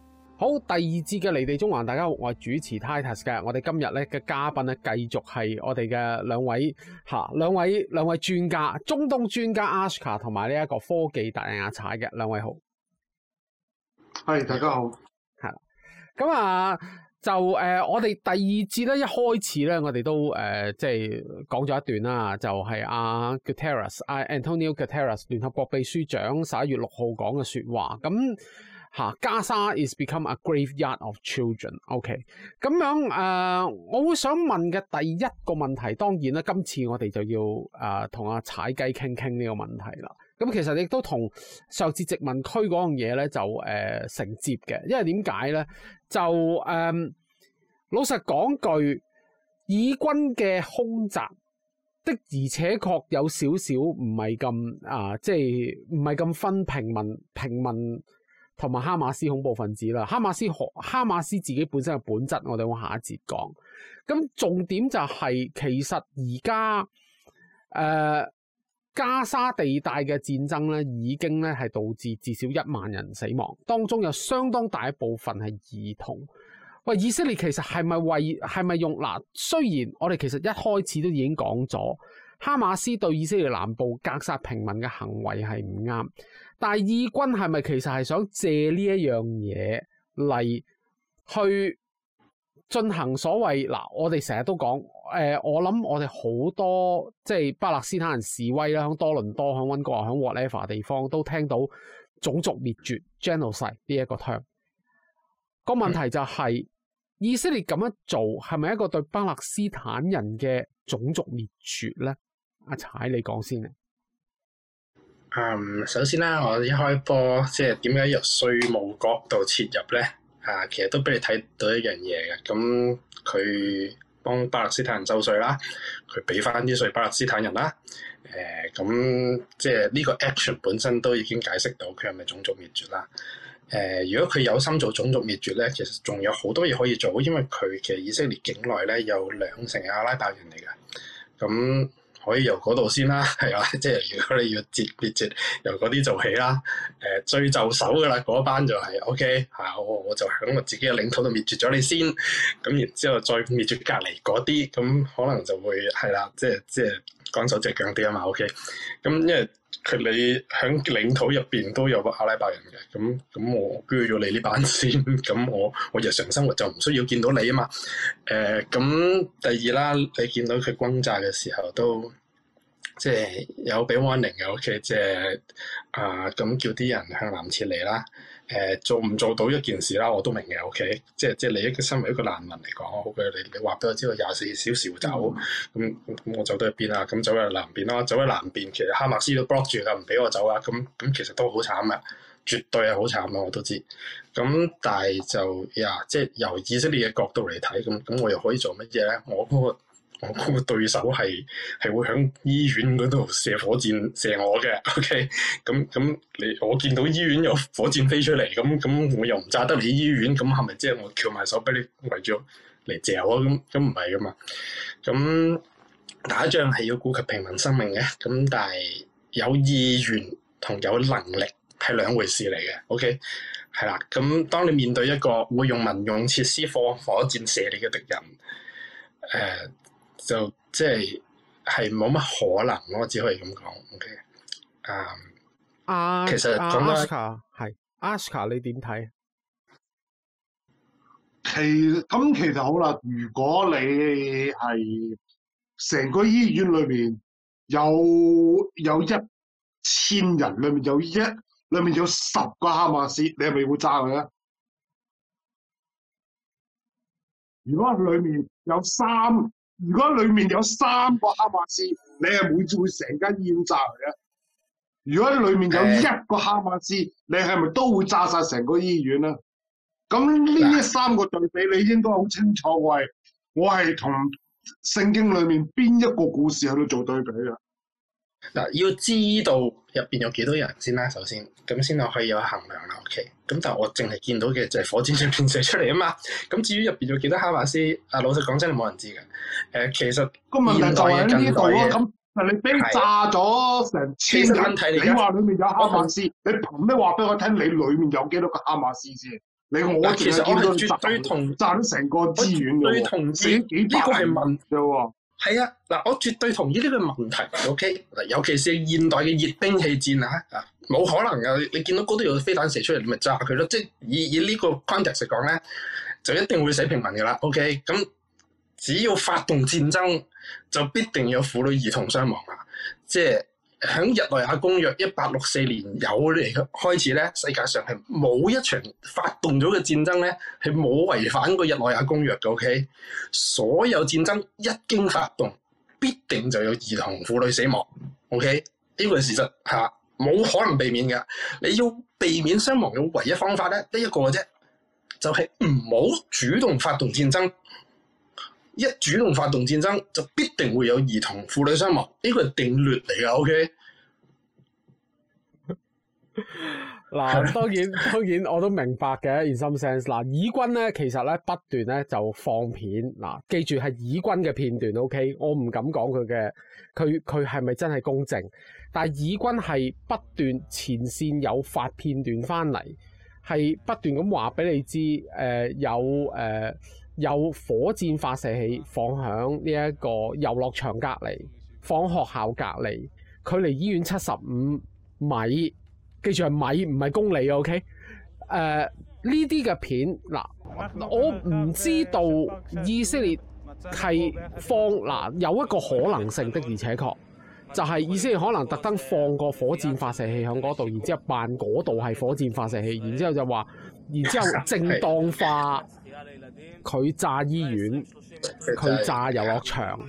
好，第二節嘅離地縱橫，大家好，我係主持 Titus 嘅。我哋今日咧嘅嘉賓咧，繼續係我哋嘅兩位吓，兩、啊、位兩位專家，中東專家 Asuka 同埋呢一個科技達人踩雞嘅兩位好。係大家好。係啦，咁啊就誒、呃，我哋第二節咧一開始咧，我哋都誒、呃、即係講咗一段啦，就係、是、阿、啊、Guterres 阿、啊、Antonio Guterres，聯合國秘書長十一月六號講嘅說話咁。嚇、啊，加沙 is become a graveyard of children okay。OK，咁樣誒，我會想問嘅第一個問題，當然啦，今次我哋就要誒同阿踩雞傾傾呢個問題啦。咁、嗯、其實亦都同上次殖民區嗰樣嘢咧，就誒承、呃、接嘅，因為點解咧？就誒、呃、老實講句，以軍嘅空襲的而且確有少少唔係咁啊，即係唔係咁分平民平民。同埋哈馬斯恐怖分子啦，哈馬斯哈哈馬斯自己本身嘅本質，我哋往下一節講。咁重點就係、是、其實而家誒加沙地帶嘅戰爭咧，已經咧係導致至少一萬人死亡，當中有相當大一部分係兒童。喂，以色列其實係咪為係咪用嗱？雖然我哋其實一開始都已經講咗，哈馬斯對以色列南部格殺平民嘅行為係唔啱。但係義軍係咪其實係想借呢一樣嘢嚟去進行所謂？嗱，我哋成日都講，誒、呃，我諗我哋好多即係巴勒斯坦人示威啦，響多倫多、響温哥華、響 whatever 地方都聽到種族滅絕 genocide 呢一個 term。個問題就係以色列咁樣做係咪一個對巴勒斯坦人嘅種族滅絕呢？阿踩，你講先。嗯，um, 首先啦，我一開波即係點解由稅務角度切入咧？嚇、啊，其實都俾你睇到一樣嘢嘅。咁佢幫巴勒斯坦人收稅啦，佢俾翻啲稅巴勒斯坦人啦。誒、啊，咁、嗯、即係呢個 action 本身都已經解釋到佢係咪種族滅絕啦？誒、啊，如果佢有心做種族滅絕咧，其實仲有好多嘢可以做，因為佢其實以色列境內咧有兩成係阿拉伯人嚟嘅。咁、嗯可以由嗰度先啦，係啊，即係如果你要滅滅滅，由嗰啲做起啦。誒、呃，最就手噶啦，嗰班就係 OK。係、okay, 我我就喺我自己嘅領土度滅絕咗你先。咁然之後再滅絕隔離嗰啲，咁可能就會係啦。即係即係。講手只強啲啊嘛，OK，咁因為佢你喺領土入邊都有個阿拉伯人嘅，咁咁我拘咗你呢班先，咁我我日常生活就唔需要見到你啊嘛，誒、呃、咁第二啦，你見到佢轟炸嘅時候都即係有俾 warning 嘅，OK，即係啊咁叫啲人向南撤離啦。誒，做唔做到一件事啦，我都明嘅，OK，即係即係你一個身為一個難民嚟講，好嘅，你你話俾我知道廿四小時走，咁咁我走到去邊啊？咁走去南邊啦，走喺南邊，其實哈馬斯都 block 住啦，唔俾我走啦，咁咁其實都好慘嘅，絕對係好慘咯，我都知。咁但係就呀，即係由以色列嘅角度嚟睇，咁咁我又可以做乜嘢咧？我嗰我個對手係係會喺醫院嗰度射火箭射我嘅。OK，咁咁你我見到醫院有火箭飛出嚟，咁咁我又唔炸得你醫院，咁係咪即係我翹埋手俾你圍住嚟嚼啊？咁咁唔係噶嘛。咁打仗係要顧及平民生命嘅。咁但係有意願同有能力係兩回事嚟嘅。OK，係啦。咁當你面對一個會用民用設施放火，火箭射你嘅敵人，誒、呃。就即係係冇乜可能咯，只可以咁講。O、okay. K，、um, 啊 uka, 其、嗯，其實講啦，係 Asuka，你點睇？其咁其實好啦，如果你係成個醫院裏面有有,有, 1, 裡面有一千人，裏面有一裏面有十個哈馬斯，你係咪會揸佢啊？如果裏面有三？如果裏面有三個哈馬斯，你係會唔會成間醫院炸嚟咧？如果裡面有一個哈馬斯，你係咪都會炸晒成個醫院咧？咁呢三個對比，你應該好清楚喂，我係同聖經裡面邊一個故事喺度做對比啊？嗱，要知道入邊有幾多人先啦，首先咁先至可以有衡量啦，OK？咁但係我淨係見到嘅就係火箭上面寫出嚟啊嘛。咁至於入邊有幾多哈馬斯，啊老實講真係冇人知嘅。誒，其實現代嘅近代嘢咁，嗱、就是、你俾炸咗成千眼睇嚟，的你話裡面有哈馬斯，我你憑咩話俾我聽？你裡面有幾多個哈馬斯先？你我其實我絕對同贊成個資源嘅，呢個係問啫。係啊，嗱，我絕對同意呢個問題，OK？尤其是現代嘅熱兵器戰啊，啊，冇可能噶，你見到嗰度有飛彈射出嚟，你咪炸佢咯。即係以以呢個框架嚟講咧，就一定會死平民噶啦，OK？咁、嗯、只要發動戰爭，就必定有婦女兒童傷亡啊，即係。喺日內亞公約一八六四年有嚟嘅開始咧，世界上係冇一場發動咗嘅戰爭咧，係冇違反過日內亞公約嘅。O、okay? K，所有戰爭一經發動，必定就有兒童、婦女死亡。O K，呢個係事實吓，冇、啊、可能避免嘅。你要避免傷亡嘅唯一方法咧，呢一個啫，就係唔好主動發動戰爭。一主動發動戰爭，就必定會有兒童婦女身亡，呢個係定律嚟㗎。OK，嗱 當然， 當然，當然我都明白嘅，in some sense。嗱，以軍咧其實咧不斷咧就放片，嗱記住係以軍嘅片段。OK，我唔敢講佢嘅，佢佢係咪真係公正？但係以軍係不斷前線有發片段翻嚟，係不斷咁話俾你知，誒、呃、有誒。呃有火箭發射器放喺呢一個遊樂場隔離放學校隔離距離醫院七十五米，記住係米，唔係公里 OK，誒呢啲嘅片嗱，我唔知道以色列係放嗱，有一個可能性的，而且確就係以色列可能特登放個火箭發射器響嗰度，然之後扮嗰度係火箭發射器，然之後就話，然之後正當化。 佢炸醫院。佢炸遊樂場，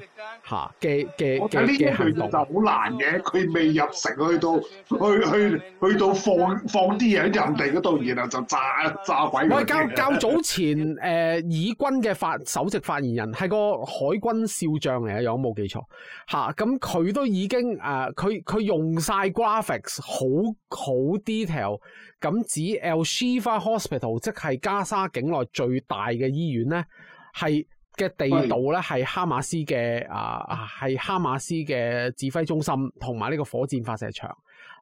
吓嘅嘅嘅嘅去到就好難嘅。佢未入城，去到去去去到放放啲嘢喺人哋嗰度，然後就炸炸鬼我唔係較較早前，誒、呃，以軍嘅發首席發言人係個海軍少將嚟嘅，有冇記錯吓，咁、啊、佢、嗯、都已經誒，佢、呃、佢用晒 graphics 好好 detail，咁指 El Shifa Hospital，即係加沙境內最大嘅醫院咧，係。嘅地道咧，係哈馬斯嘅啊的啊，係哈馬斯嘅指揮中心同埋呢個火箭發射場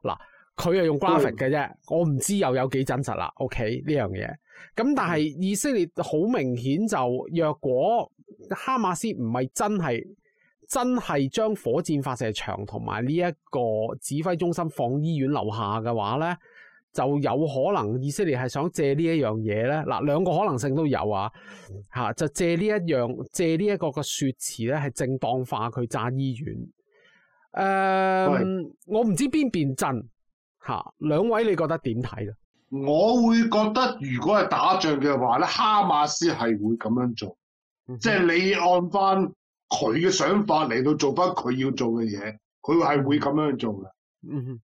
嗱，佢係用 graphic 嘅啫，的我唔知又有幾真實啦。OK 呢樣嘢咁，但係以色列好明顯就若果哈馬斯唔係真係真係將火箭發射場同埋呢一個指揮中心放醫院樓下嘅話咧。就有可能以色列係想借呢一樣嘢咧，嗱兩個可能性都有啊，吓就借呢一樣借呢一個嘅說辭咧，係正當化佢炸醫院。誒、呃，喂我唔知邊邊真吓，兩位你覺得點睇咧？我會覺得如果係打仗嘅話咧，哈馬斯係會咁樣做，即係、嗯、哼你按翻佢嘅想法嚟到做翻佢要做嘅嘢，佢係會咁樣做嘅。嗯哼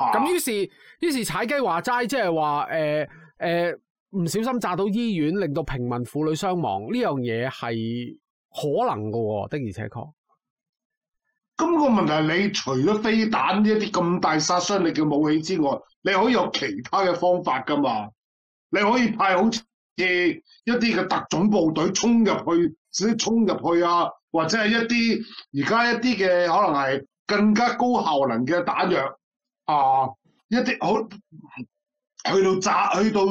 咁、啊、於是於是踩雞話齋，即係話誒誒唔小心炸到醫院，令到平民婦女傷亡呢樣嘢係可能噶喎，的而且確。咁、啊，個問題你除咗飛彈呢一啲咁大殺傷力嘅武器之外，你可以有其他嘅方法噶嘛？你可以派好似一啲嘅特種部隊衝入去，即係衝入去啊，或者係一啲而家一啲嘅可能係更加高效能嘅彈藥。啊！一啲好去到炸，去到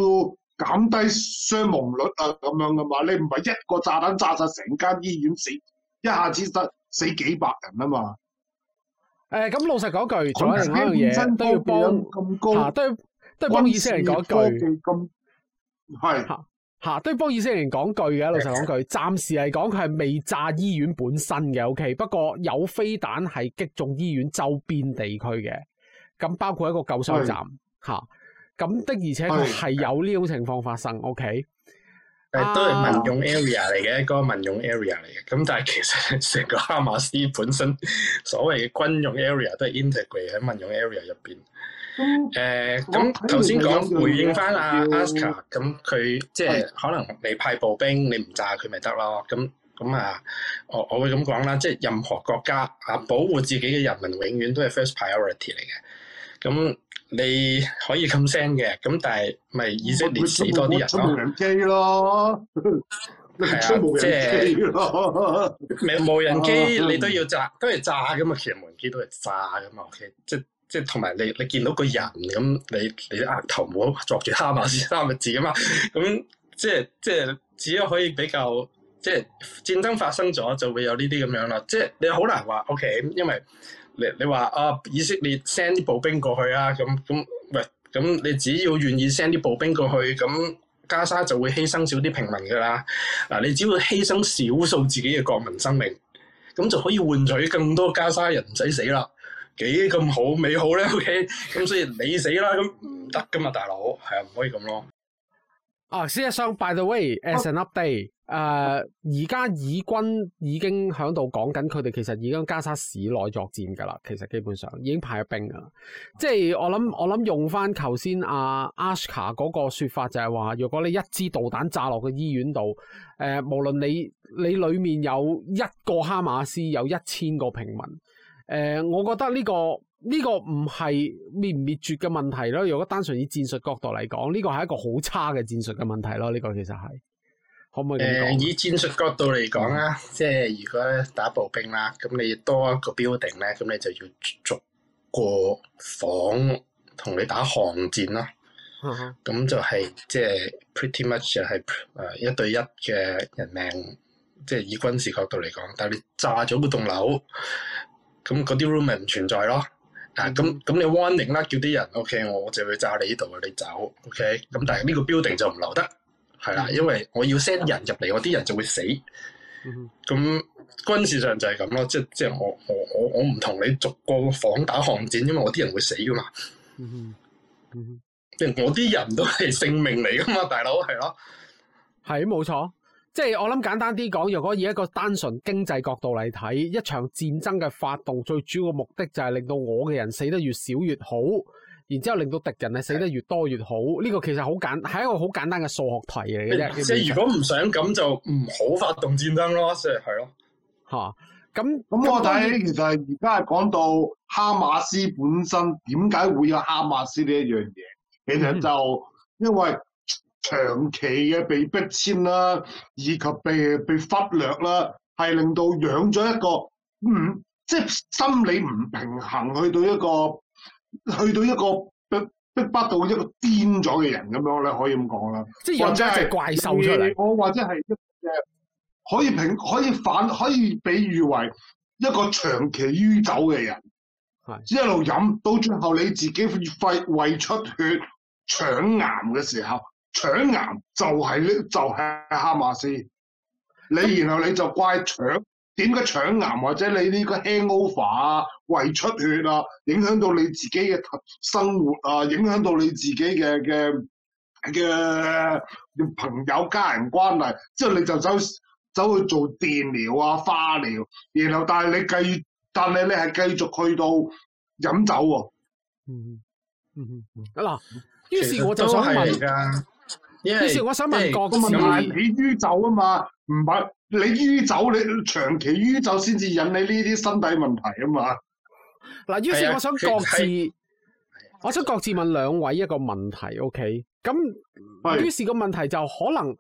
減低傷亡率啊，咁樣噶嘛？你唔係一個炸彈炸晒成間醫院死，一下子得死幾百人啊嘛？誒、欸，咁、嗯、老實講句，仲有另一樣嘢，真都要幫嚇，都都幫以色列嚟講句，係嚇、啊，嚇都幫以色列嚟講句嘅。老實講句，暫時嚟講佢係未炸醫院本身嘅 OK，不過有飛彈係擊中醫院周邊地區嘅。咁包括一個救傷站嚇，咁的,、啊、的而且確係有呢種情況發生，OK？誒都係民用 area 嚟嘅，一、嗰個民用 area 嚟嘅，咁但係其實成個哈馬斯本身所謂嘅軍用 area 都係 integrate 喺民用 area 入邊。誒咁頭先講回應翻阿阿 Asuka 咁佢即係可能你派步兵，你唔炸佢咪得咯？咁咁啊，我我會咁講啦，即係任何國家嚇、啊、保護自己嘅人民，永遠都係 first priority 嚟嘅。咁、嗯、你可以咁 s 嘅，咁、嗯、但係咪以色列死多啲人咯？係啊，即係冇人機咯，冇人機你都要炸，啊、都係炸咁嘛，其實無人機都係炸噶嘛，OK？即即係同埋你你見到個人咁，你你額頭冇作住三啊三個字啊嘛，咁、 嗯、即係即係只要可以比較，即係戰爭發生咗就會有呢啲咁樣啦。即係你好難話 OK，因為。你你話啊，以色列 send 啲步兵過去啊，咁咁喂咁你只要願意 send 啲步兵過去，咁加沙就會犧牲少啲平民㗎啦。嗱、啊，你只要犧牲少數自己嘅國民生命，咁就可以換取更多加沙人唔使死啦。幾咁好美好咧？OK，咁 所以你死啦，咁唔得㗎嘛，大佬係啊，唔可以咁咯。啊，先生、oh, so,，by the way，as an update，誒，而家以軍已經響度講緊，佢哋其實已經加沙市內作戰噶啦。其實基本上已經派咗兵噶啦。Oh. 即係我諗，我諗用翻頭先阿 Asuka 嗰個説法，就係話，如果你一支導彈炸落個醫院度，誒、呃，無論你你裡面有一個哈馬斯，有一千個平民，誒、呃，我覺得呢個。呢個唔係滅唔滅絕嘅問題咯，如果單純以戰術角度嚟講，呢、這個係一個好差嘅戰術嘅問題咯。呢、這個其實係可唔可以咁、呃、以戰術角度嚟講啊，嗯、即係如果打步兵啦，咁你多一個 building 咧，咁你就要逐個房同你打巷戰啦。咁、嗯、就係、是、即係 pretty much 就係誒一對一嘅人命，即係以軍事角度嚟講，但係你炸咗嗰棟樓，咁嗰啲 room 咪唔存在咯。啊，咁咁你 warning 啦，叫啲人，OK，我就會炸你呢度，你走，OK，咁但係呢個 building 就唔留得，係啦、啊，因為我要 send 人入嚟，我啲人就會死，咁軍事上就係咁咯，即係即係我我我我唔同你逐個房打巷戰，因為我啲人會死噶嘛，即係 我啲人都係性命嚟噶嘛，大佬係咯，係冇錯。即係我諗簡單啲講，如果以一個單純經濟角度嚟睇，一場戰爭嘅發動最主要嘅目的就係令到我嘅人死得越少越好，然之後令到敵人係死得越多越好。呢、這個其實好簡，係一個好簡單嘅數學題嚟嘅啫。即係如果唔想咁、嗯、就唔好發動戰爭咯。即、嗯、所以係咯吓，咁咁我睇其實而家係講到哈馬斯本身點解會有哈馬斯呢一樣嘢，其實就因為。長期嘅被逼遷啦，以及被被忽略啦，係令到養咗一個唔、嗯、即係心理唔平衡，去到一個去到一個逼逼不到一個癲咗嘅人咁樣咧，可以咁講啦，即係養咗一隻或者係怪獸出嚟，我或者係一隻可以平可以反可以比喻為一個長期酗酒嘅人，的一路飲到最後你自己胃胃出血、腸癌嘅時候。腸癌就係、是、呢，就係、是、哈馬斯。你然後你就怪腸，點解腸癌或者你呢個 hand over 啊，胃出血啊，影響到你自己嘅生活啊，影響到你自己嘅嘅嘅朋友家人關係，之後你就走走去做電療啊、化療，然後但係你繼但係你係繼續去到飲酒喎、啊嗯。嗯嗯嗯嗯，得啦，于、嗯嗯嗯、是我就想問係噶的。Yeah, 於是我想問個問題，係你於走啊嘛？唔係你於走，你長期於走先至引起呢啲身體問題啊嘛。嗱，於是我想各自，我想各自問兩位一個問題，OK？咁、嗯、的於是個問題就可能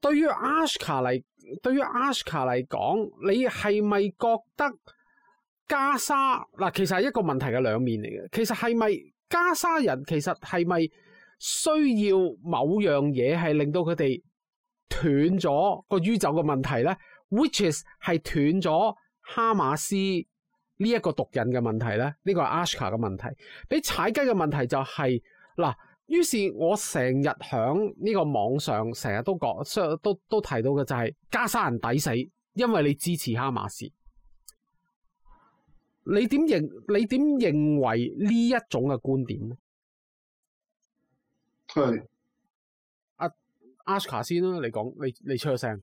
對於 Asuka 嚟，對於 Asuka 嚟講，你係咪覺得加沙嗱，其實係一個問題嘅兩面嚟嘅。其實係咪加沙人，其實係咪？需要某樣嘢係令到佢哋斷咗個宇宙嘅問題呢 which is 係斷咗哈馬斯呢一個毒癮嘅問題呢？Is，個題呢、呢個係 Asuka 嘅問題。俾踩雞嘅問題就係、是、嗱，於是我成日響呢個網上成日都講，都都提到嘅就係、是、加沙人抵死，因為你支持哈馬斯。你點認？你點認為呢一種嘅觀點咧？係是、啊，阿 Asuka 先啦，你講，你你出聲。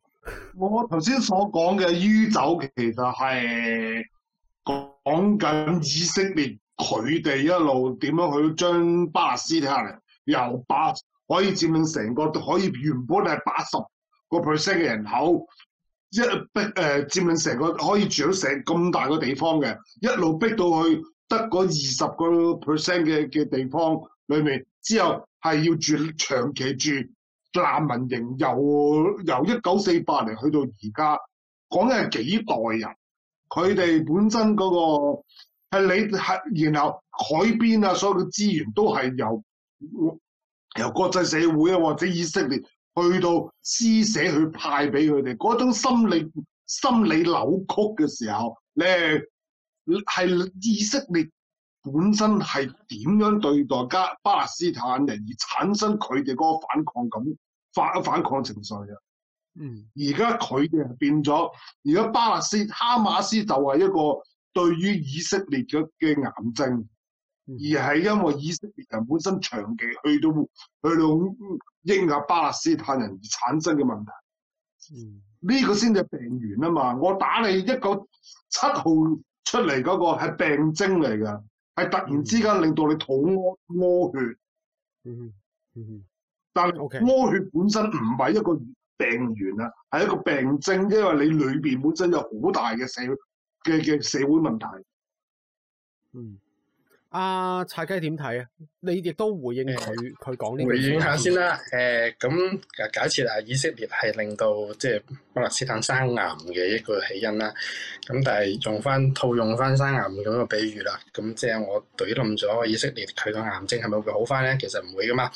我頭先所講嘅於走，其實係講緊以色列，佢哋一路點樣去將巴勒斯下嚟，由八可以佔領成個，可以原本係八十個 percent 嘅人口，一逼誒佔領成個可以住到成咁大個地方嘅，一路逼到去得嗰二十個 percent 嘅嘅地方裏面之後。係要住長期住難民營，由，由由一九四八年去到而家，講緊係幾代人，佢哋本身嗰，嗰個係你係，然後海邊啊，所有嘅資源都係由由國際社會啊，或者以色列去到施捨去派俾佢哋，嗰種心理心理扭曲嘅時候咧，你係以色列。本身係點樣對待加巴勒斯坦人，而產生佢哋嗰個反抗感、反反抗情緒嘅。而家佢哋變咗，而家巴勒斯哈馬斯就係一個對於以色列嘅嘅癌症，嗯、而係因為以色列人本身長期去到去到英亞巴勒斯坦人而產生嘅問題。嗯、呢個先至病源啊嘛！我打你一個七號出嚟嗰個係病徵嚟噶。係突然之間令到你肚屙屙血，嗯嗯，但係、呃、屙血本身唔係一個病源啊，係 Okay. 一個病症，因為你裏邊本身有好大嘅社嘅嘅社會問題，嗯。阿踩雞點睇啊？你亦都回應佢佢講呢？呃、回應下先啦。誒、呃，咁假設啊，以色列係令到即係巴勒斯坦生癌嘅一個起因啦。咁但係用翻套用翻生癌咁個比喻啦。咁即係我懟冧咗以色列，佢個癌症係咪會好翻咧？其實唔會噶嘛。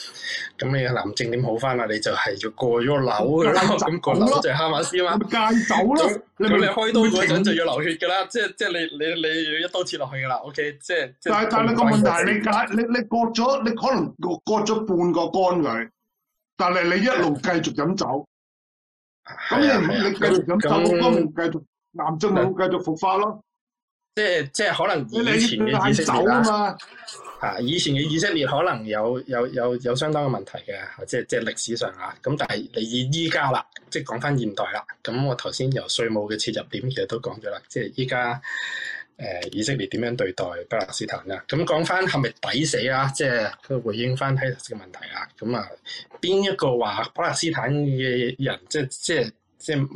咁你個癌症點好翻啊？你就係要過咗樓咯。咁過樓就係哈馬斯嘛。街走啦。咁你,你開刀嗰陣就要流血噶啦。即係即係你你你要一刀切落去噶啦。O、okay? K，即係即,即,即,即,即你個問題，你解你你割咗，你可能割咗半個肝，但係你一路繼續飲酒，咁 你唔你繼續飲酒，咁當然繼續癌症會繼續復發咯。即係即係可能以前嘅以色列你你嘛，係以前嘅以色列可能有有有有相當嘅問題嘅，即係即係歷史上啊。咁但係你以依家啦，即係講翻現代啦。咁我頭先由稅務嘅切入點其實都講咗啦，即係依家。誒、呃、以色列點樣對待巴勒斯坦啦？咁講翻係咪抵死啊？即係回應翻喺頭先嘅問題啊？咁、嗯、啊，邊一個話巴勒斯坦嘅人即係即係即係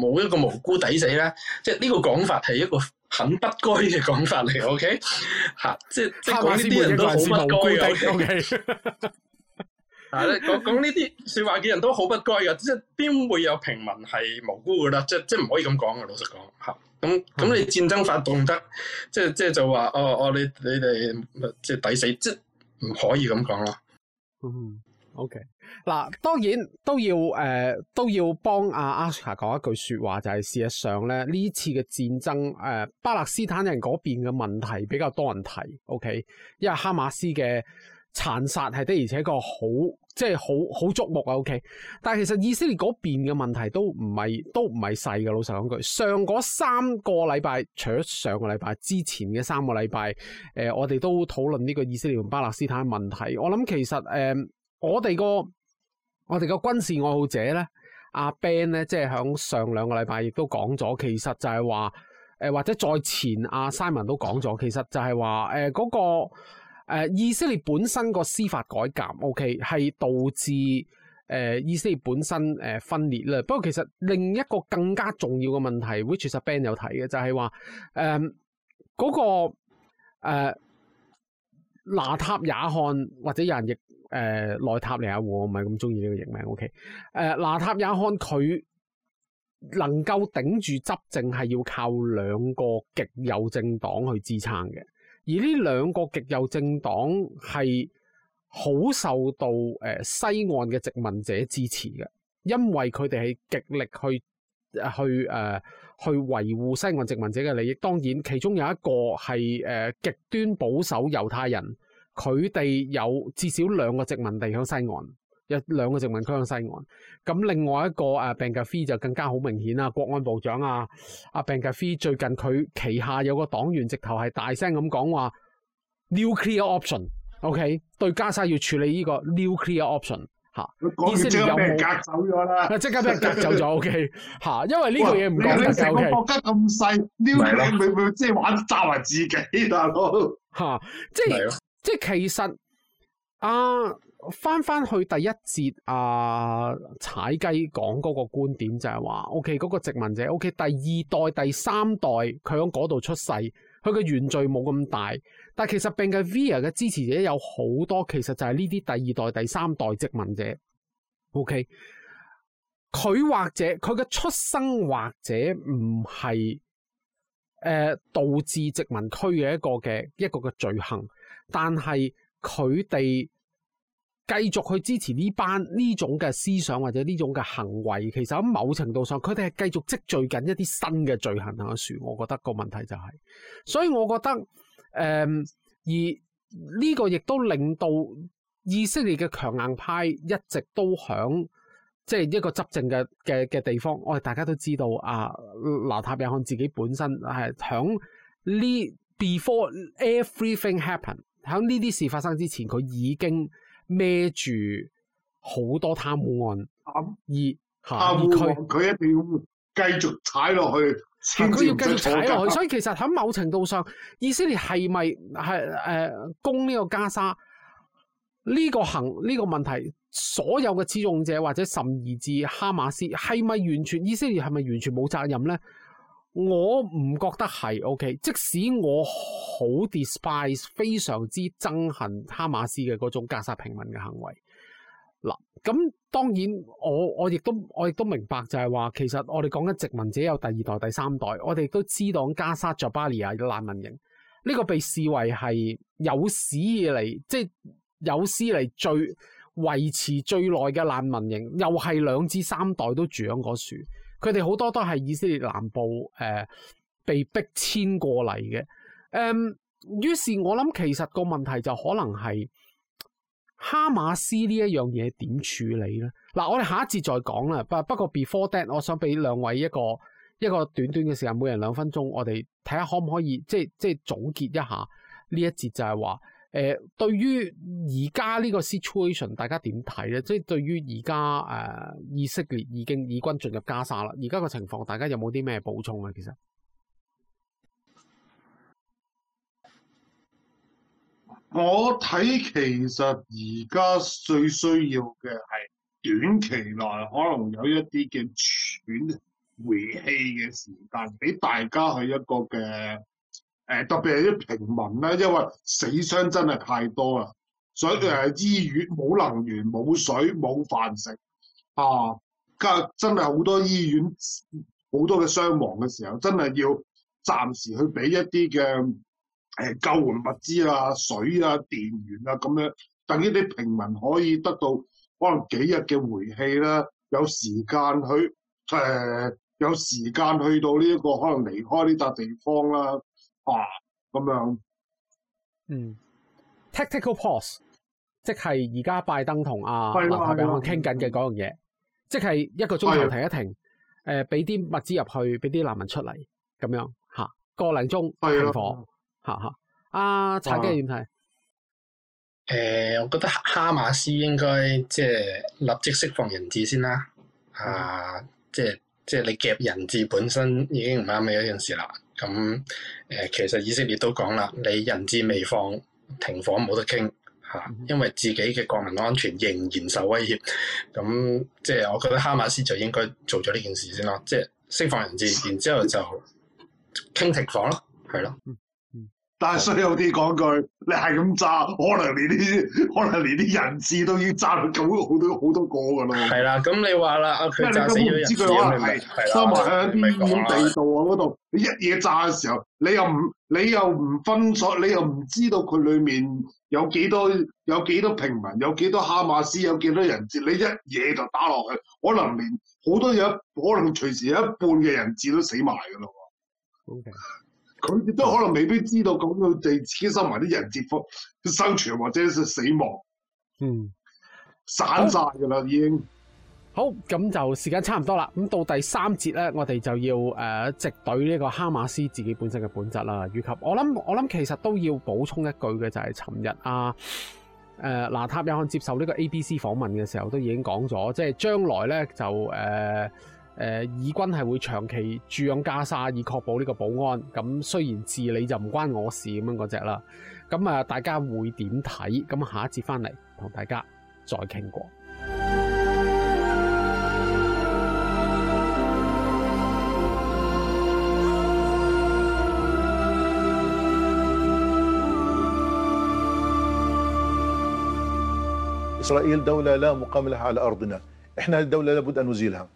冇一個無辜抵死咧？即係呢個講法係一個很不該嘅講法嚟，OK？嚇，即係即係講呢啲人都好不該啊！OK？啊，講講呢啲説話嘅人都好不該啊！即係邊會有平民係無辜㗎啦？即即係唔可以咁講嘅，老實講嚇。咁咁你戰爭發動唔得，即係即係就話哦哦你你哋即係抵死，即唔、哦、可以咁講咯。嗯，OK。嗱，當然都要誒、呃、都要幫阿阿 Sir 講一句説話，就係、是、事實上咧呢次嘅戰爭誒、呃、巴勒斯坦人嗰邊嘅問題比較多人提，OK，因為哈馬斯嘅。殘殺係的，的，而且個好即係好好觸目啊！OK，但係其實以色列嗰邊嘅問題都唔係都唔係細嘅。老實講句，上嗰三個禮拜，除咗上個禮拜之前嘅三個禮拜，誒、呃，我哋都討論呢個以色列同巴勒斯坦嘅問題。我諗其實誒、呃，我哋個我哋個軍事愛好者咧，阿、啊、Ben 咧，即係響上兩個禮拜亦都講咗，其實就係話誒，或者再前阿、啊、Simon 都講咗，其實就係話誒嗰個。誒以色列本身個司法改革，O K，係導致誒以色列本身誒、呃、分裂啦。不過其實另一個更加重要嘅問題，which 實 Ben 有睇嘅就係、是、話，誒、呃、嗰、那個誒、呃、拿塔也漢或者有人亦誒內塔尼亞胡，我唔係咁鍾意呢個譯名。O K，誒拿塔也漢佢能夠頂住執政係要靠兩個極右政黨去支撐嘅。而呢兩個極右政黨係好受到誒西岸嘅殖民者支持嘅，因為佢哋係極力去去誒、呃、去維護西岸殖民者嘅利益。當然，其中有一個係誒、呃、極端保守猶太人，佢哋有至少兩個殖民地響西岸。有兩個殖民區向西岸，咁另外一個誒，Ben-Gvir 就更加好明顯啦。國安部長啊，阿 Ben-Gvir 最近佢旗下有個黨員直頭係大聲咁講話 Nuclear Option，OK，對加沙要處理呢個 Nuclear Option 吓。以色列又唔隔走咗啦？即刻都係隔走咗，OK 吓。因為呢個嘢唔公平。你成個國家咁細，Nuclear 即係玩炸埋自己大佬？吓，即係即係其實啊。翻翻去第一節啊，踩雞講嗰個觀點就係話，O K 嗰個殖民者，O K 第二代、第三代佢喺嗰度出世，佢嘅原罪冇咁大，但其實 Benjamin 嘅支持者有好多，其實就係呢啲第二代、第三代殖民者，O K 佢或者佢嘅出生或者唔係誒導致殖民區嘅一個嘅一個嘅罪行，但係佢哋。繼續去支持呢班呢種嘅思想或者呢種嘅行為，其實喺某程度上，佢哋係繼續積聚緊一啲新嘅罪行啊！樹，我覺得個問題就係、是，所以我覺得，誒、嗯，而呢個亦都令到以色列嘅強硬派一直都響，即係一個執政嘅嘅嘅地方。我哋大家都知道啊，內塔尼亞胡自己本身係響呢 before everything happened，喺呢啲事發生之前，佢已經。孭住好多貪污案，而哈佢一定要繼續踩落去，啊、去，佢要繼續踩落去。所以其實喺某程度上，以色列係咪係誒攻呢個加沙呢、這個行呢、這個問題？所有嘅資助者或者甚而至哈馬斯，係咪完全以色列係咪完全冇責任咧？我唔覺得係 OK，即使我好 despise，非常之憎恨哈馬斯嘅嗰種加沙平民嘅行為。嗱，咁當然我我亦都我亦都明白就，就係話其實我哋講緊殖民者有第二代、第三代，我哋都知道加沙賈巴利亞嘅難民營，呢、這個被視為係有史以嚟即係有史以嚟最維持最耐嘅難民營，又係兩至三代都住響嗰處。佢哋好多都係以色列南部，誒、呃，被迫遷過嚟嘅，誒、呃，於是我諗其實個問題就可能係哈馬斯呢一樣嘢點處理咧？嗱，我哋下一節再講啦，不不過 before that，我想俾兩位一個一個短短嘅時間，每人兩分鐘，我哋睇下可唔可以即係即係總結一下呢一節就係話。誒、呃，對於而家呢個 situation，大家點睇呢？即係對於而家誒，以色列已經以軍進入加沙啦。而家個情況，大家有冇啲咩補充啊？其實我睇其實而家最需要嘅係短期內可能有一啲嘅喘回氣嘅時間，俾大家去一個嘅。誒、特別係啲平民咧，因為死傷真係太多啦，所以誒醫院冇能源、冇水、冇飯食啊！家真係好多醫院好多嘅傷亡嘅時候，真係要暫時去俾一啲嘅誒救援物資啦、啊、水啊、電源啊咁樣，等呢啲平民可以得到可能幾日嘅回氣啦、啊，有時間去誒、呃、有時間去到呢、這、一個可能離開呢笪地方啦、啊。啊，咁樣，嗯，tactical pause，即係而家拜登同阿特朗普傾緊嘅嗰樣嘢，的嗯、即係一個鐘頭停一停，誒的，俾啲、呃、物資入去，俾啲難民出嚟，咁樣吓，啊、個零鐘的停火，吓、啊、吓，阿踩雞點睇？誒、啊呃，我覺得哈馬斯應該即係立即釋放人質先啦，啊，即係即係你夾人質本身已經唔啱嘅一件事啦。咁誒，其實以色列都講啦，你人質未放，停火冇得傾吓，因為自己嘅國民安全仍然受威脅。咁即係我覺得哈馬斯就應該做咗呢件事先啦，即係釋放人質，然之後就傾停火咯，係咯。但係衰有啲講句，你係咁炸，可能連啲可能連啲人質都要炸到九好多好多個㗎咯。係啦，咁你話啦，你，你根本唔知佢可能係收埋喺啲陰暗地道啊嗰度，你一嘢炸嘅時候，你又唔你又唔分所，你又唔知道佢裡面有幾多有幾多平民，有幾多哈馬斯，有幾多人質，你一嘢就打落去，可能連好多嘢，可能隨時有一半嘅人質都死埋㗎咯。OK。 佢亦都可能未必知道咁佢哋自己收埋啲人接福生存或者係死亡。嗯，散晒㗎喇已經散散。好，咁就時間差唔多啦。咁到第三節咧，我哋就要誒、呃、直對呢個哈馬斯自己本身嘅本質啦。以及我諗我諗其實都要補充一句嘅就係、是，尋日啊，誒、呃、納塔爾漢接受呢個 ABC 訪問嘅時候都已經講咗，即、就、係、是、將來咧就誒。呃誒，以軍係會長期駐紮加沙，以確保呢個保安。咁雖然治理就唔關我事咁樣嗰隻啦。咁、那、啊、個那個，大家會點睇？咁、那個、下一節翻嚟同大家再傾過。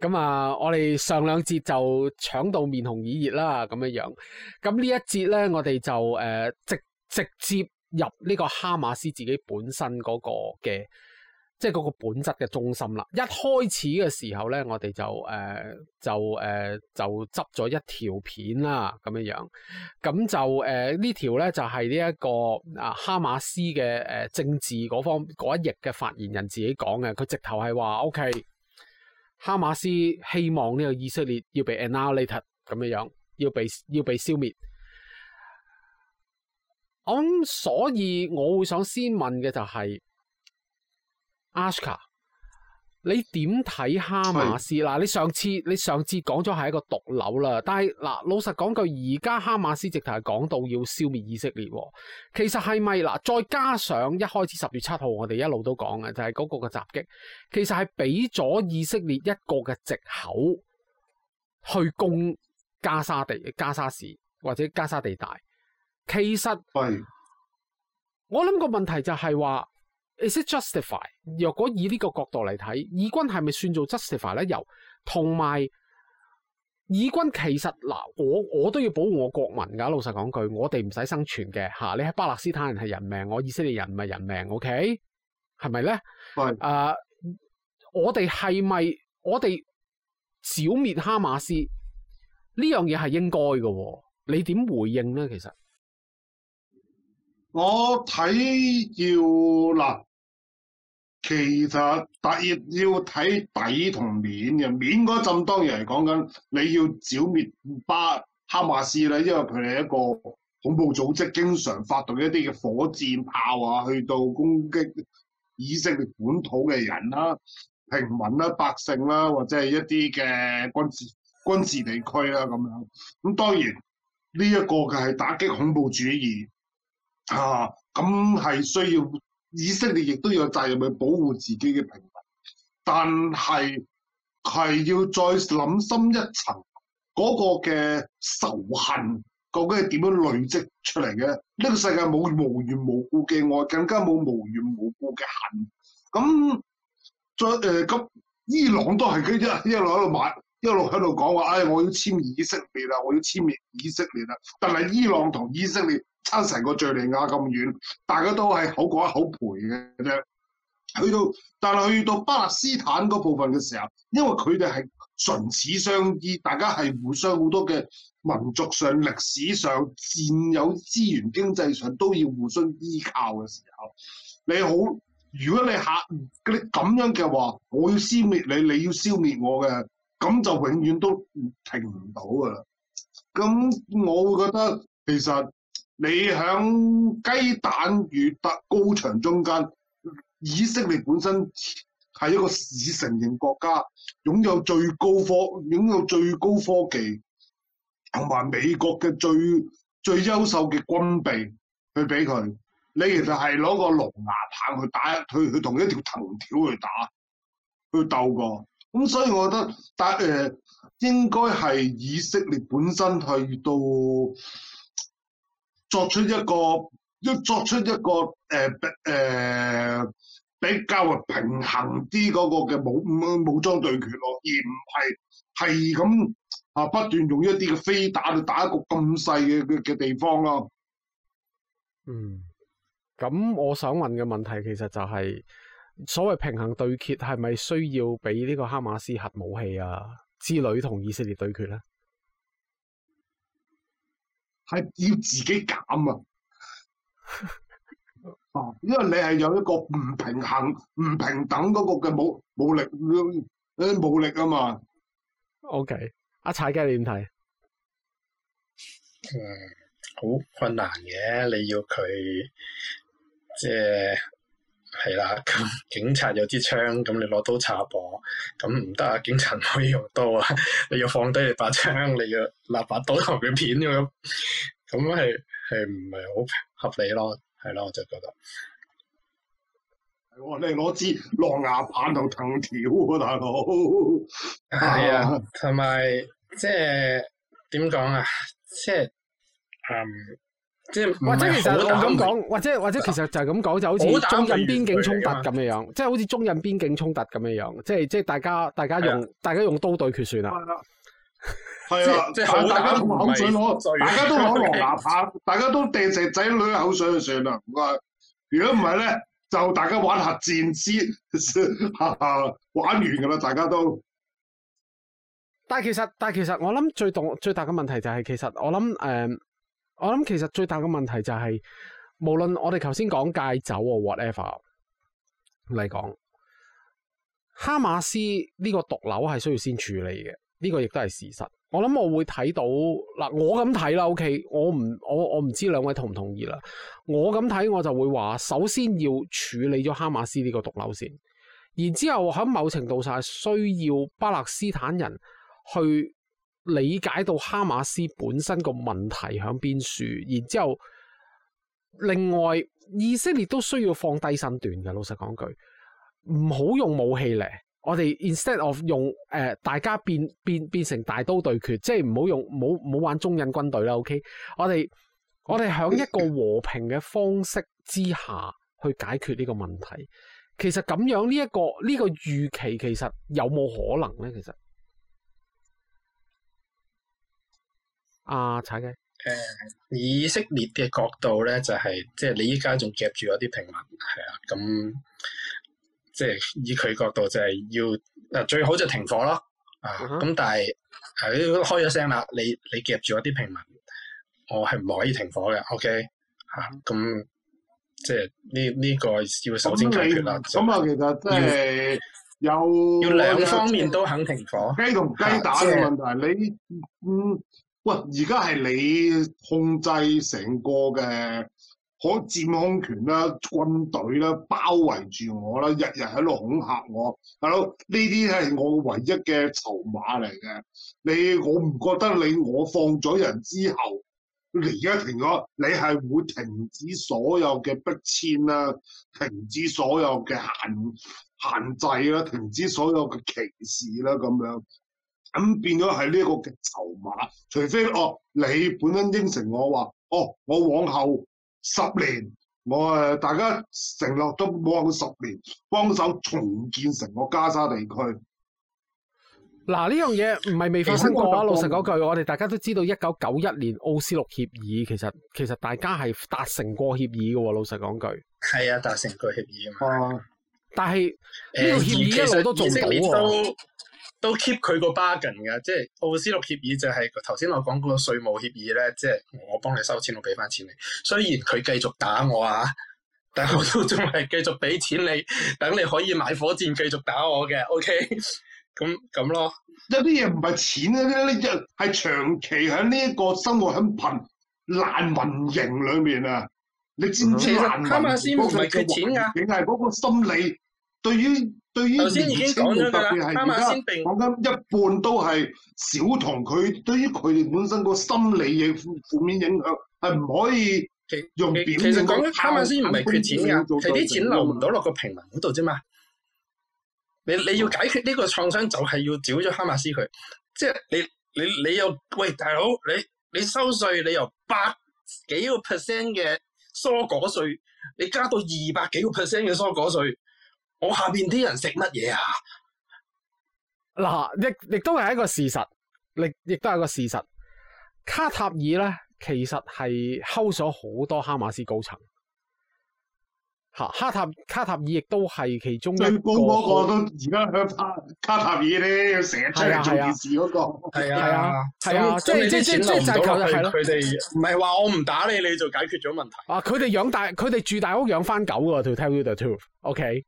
咁啊、嗯！我哋上兩節就拗到面紅耳熱啦，咁樣這樣。咁呢一節咧，我哋就誒、呃、直直接入呢個哈馬斯自己本身嗰個嘅，即係嗰個本質嘅中心啦。一開始嘅時候咧，我哋就誒、呃、就誒、呃、就執咗、呃、一條片啦，咁樣樣。咁、呃、就誒呢條咧就係呢一個啊哈馬斯嘅誒政治嗰方嗰一翼嘅發言人自己講嘅，佢直頭係話：，OK。OK，哈馬斯希望呢個以色列要被 annihilated 咁樣樣，要被要被消滅。咁、嗯、所以我會想先問嘅就係、是、Asuka。Ash 你點睇哈馬斯？嗱是，你上次你上次講咗係一個毒瘤啦。但係嗱，老實講句，而家哈馬斯直頭係講到要消滅以色列。其實係咪嗱？再加上一開始十月七號，我哋一路都講嘅就係、是、嗰個嘅襲擊，其實係俾咗以色列一個嘅藉口去攻加沙地、加沙市或者加沙地帶。其實是我諗個問題就係話。Is it justified？若果以呢個角度嚟睇，以軍係咪算做 justified 咧？又同埋以軍其實嗱、呃，我我都要保護我國民噶。老實講句，我哋唔使生存嘅吓、啊。你喺巴勒斯坦人係人命，我以色列人唔係人命，OK？係咪咧？係誒是、呃，我哋係咪我哋剿滅哈馬斯呢樣嘢係應該嘅？你點回應咧？其實我睇叫嗱。其實特別要睇底同面嘅面嗰陣，當然係講緊你要剿滅巴哈馬斯啦，因為佢哋係一個恐怖組織，經常發動一啲嘅火箭炮啊，去到攻擊以色列本土嘅人啦、平民啦、百姓啦，或者係一啲嘅軍事軍事地區啦咁樣。咁當然呢一個嘅係打擊恐怖主義嚇，咁、啊、係需要。以色列亦都有責任去保護自己嘅平民，但係係要再諗深一層，嗰個嘅仇恨究竟係點樣累積出嚟嘅？呢個世界冇無緣無故嘅愛，更加冇無緣無故嘅恨。咁再誒咁，呃、伊朗都係佢一一路喺度買。一路喺度講話，誒、哎，我要籤以色列啦，我要殲滅以色列啦。但係伊朗同以色列差成個敍利亞咁遠，大家都係口講口賠嘅啫。去到但係去到巴勒斯坦嗰部分嘅時候，因為佢哋係唇齒相依，大家係互相好多嘅民族上、歷史上、戰友資源、經濟上都要互相依靠嘅時候，你好，如果你下嗰啲咁樣嘅話，我要消滅你，你要消滅我嘅。咁就永遠都停唔到噶啦！咁我會覺得其實你喺雞蛋與特高牆中間，以色列本身係一個市成型國家，擁有最高科，擁有最高科技，同埋美國嘅最最優秀嘅軍備去俾佢，你其實係攞個龍牙棒去打，去去同一條藤條去打，去鬥過。咁、嗯、所以，我覺得，但誒、呃、應該係以色列本身去到作出一個，要作出一個誒誒、呃呃、比較平衡啲嗰個嘅武武裝對決咯，而唔係係咁啊不斷用一啲嘅飛打去打一個咁細嘅嘅地方咯。嗯，咁我想問嘅問題其實就係、是。所謂平衡對決係咪需要畀呢個哈馬斯核武器啊，之類同以色列對決咧？係要自己減啊！哦， 因為你係有一個唔平衡、唔平等嗰個嘅武武力、誒武力啊嘛。Okay，阿踩雞你點睇？好、嗯、困難嘅，你要佢即係。係啦，咁警察有支槍，咁你攞刀插噃。咁唔得啊！警察可以用刀啊， 你要放低你把槍，你要立把刀同佢片咁，咁係係唔係好合理咯？係咯，我就覺得。嗯、你攞支狼牙棒同藤條大佬。係啊，同埋即係點講啊？即係。嗯。或者其實我咁講，或者或者其實就係咁講，就好似中印邊境衝突咁樣樣，即係好似中印邊境衝突咁樣樣，即係即係大家大家用大家用刀對決算啦。係啊，即係大家都口水攞，大家都攞狼牙棒，大家都掟石仔女口水就算啦。如果唔係咧，就大家玩核戰師，玩完㗎啦，大家都。但係其實，但係其實我諗最大最大嘅問題就係其實我諗誒。我諗其實最大嘅問題就係，無論我哋頭先講戒酒或 whatever 嚟講，哈馬斯呢個毒瘤係需要先處理嘅，呢個亦都係事實。我諗我會睇到嗱，我咁睇啦，OK，我唔我我唔知兩位同唔同意啦。我咁睇我就會話，首先要處理咗哈馬斯呢個毒瘤先，然之後喺某程度上係需要巴勒斯坦人去。理解到哈馬斯本身個問題喺邊處，然之後，另外以色列都需要放低身段嘅。老實講句，唔好用武器嚟，我哋 instead of 用誒、呃，大家變變變，變成大刀對決，即係唔好用，唔好玩中印軍隊啦。OK，我哋我哋響一個和平嘅方式之下去解決呢個問題。其實咁樣呢一、呢個呢、呢個預期，其實有冇可能呢？其實。啊！踩雞，誒，uh, 以色列嘅角度咧就係、是，即係你依家仲夾住一啲平民，係啊，咁、嗯、即係以佢角度就係要，啊最好就停火咯，啊咁但係，誒、啊、開咗聲啦，你你夾住一啲平民，我係唔可以停火嘅，OK，吓、啊、咁、嗯嗯嗯、即係呢呢個要首先解決啦。咁啊你，要其實即係有要兩方面都肯停火，雞同雞蛋嘅問題，你嗯。就是嗯喂，而家係你控制成個嘅可佔空權啦、軍隊啦、包圍住我啦，日日喺度恐嚇我，係咯？呢啲係我唯一嘅籌碼嚟嘅。你我唔覺得你我放咗人之後，你而家停咗，你係會停止所有嘅逼遷啦、停止所有嘅限限制啦、停止所有嘅歧視啦咁樣。咁變咗係呢一個嘅籌碼，除非哦，你本身應承我話，哦，我往後十年，我誒大家承諾都往後十年幫手重建成個加沙地區。嗱、啊，呢樣嘢唔係未發生過。老實講句，我哋大家都知道，一九九一年奧斯陸協議，其實其實大家係達成過協議嘅喎。老實講句，係啊，達成過協議啊。但係呢、呢個協議一路都做唔到都 keep 佢個 bargain 㗎，即係奧斯陸協議就係頭先我講嗰個稅務協議咧，即係我幫你收錢，我俾翻錢你。雖然佢繼續打我啊，但係我都仲係繼續俾錢你，等你可以買火箭繼續打我嘅。OK，咁咁咯。有啲嘢唔係錢啊，呢啲係長期喺呢一個生活喺貧難民營裏面啊，你知唔知難民？根本就係缺錢㗎，係嗰個心理。對於對於年輕人，特別係而家講緊一半都係小童，佢對於佢哋本身個心理嘅負負面影響係唔可以用。其實講緊哈馬斯唔係缺錢㗎，佢啲錢流唔到落個平民嗰度啫嘛。 你你要解決呢個創傷，就係要剿咗哈馬斯佢。即係你你你又，喂大佬，你你，你，你收稅，你由百幾個 percent 嘅蔬果稅，你加到二百幾個 percent 嘅蔬果稅。我下邊啲人食乜嘢啊？嗱，亦亦都係一個事實，亦亦都係個事實。卡塔爾咧，其實係 hold 咗好多哈馬斯高層。吓，卡塔卡塔爾亦都係其中一個。而家卡卡塔爾咧，成日出嚟做電視嗰個。係啊，係啊，即係即係即係就係佢哋，唔係話我唔打你，你就解決咗問題。啊，佢哋養大，佢哋住大屋養翻狗噶。To tell you the truth，OK。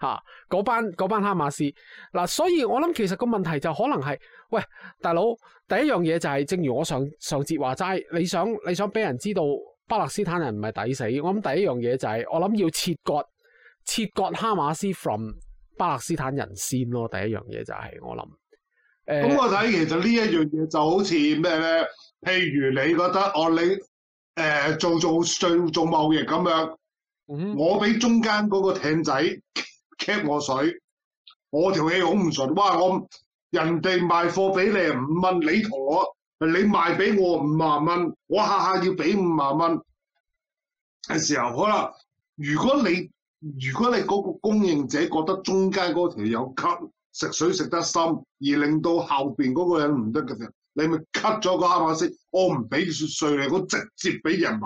吓嗰 班班哈馬斯嗱、啊，所以我諗其實個問題就可能係喂，大佬第一樣嘢就係、是，正如我上上節話齋，你想你想俾人知道巴勒斯坦人唔係抵死，我諗第一樣嘢就係、是，我諗要切割切割哈馬斯 from 巴勒斯坦人先咯，第一樣嘢就係、是、我諗。咁、嗯、我睇其實呢一樣嘢就好似咩咧，譬如你覺得哦，你、呃、誒做做做做貿易咁樣。Mm hmm. 我俾中間嗰個艇仔吸我水，我條氣好唔順。哇！我人哋賣貨俾你五蚊，你同我你賣俾我五萬蚊，我下下要俾五萬蚊嘅時候，可能如果你如果你嗰個供應者覺得中間嗰條有吸食水食得深，而令到後邊嗰個人唔得嘅時候，你咪 cut 咗個黑白色，我唔俾稅稅，我直接俾人民。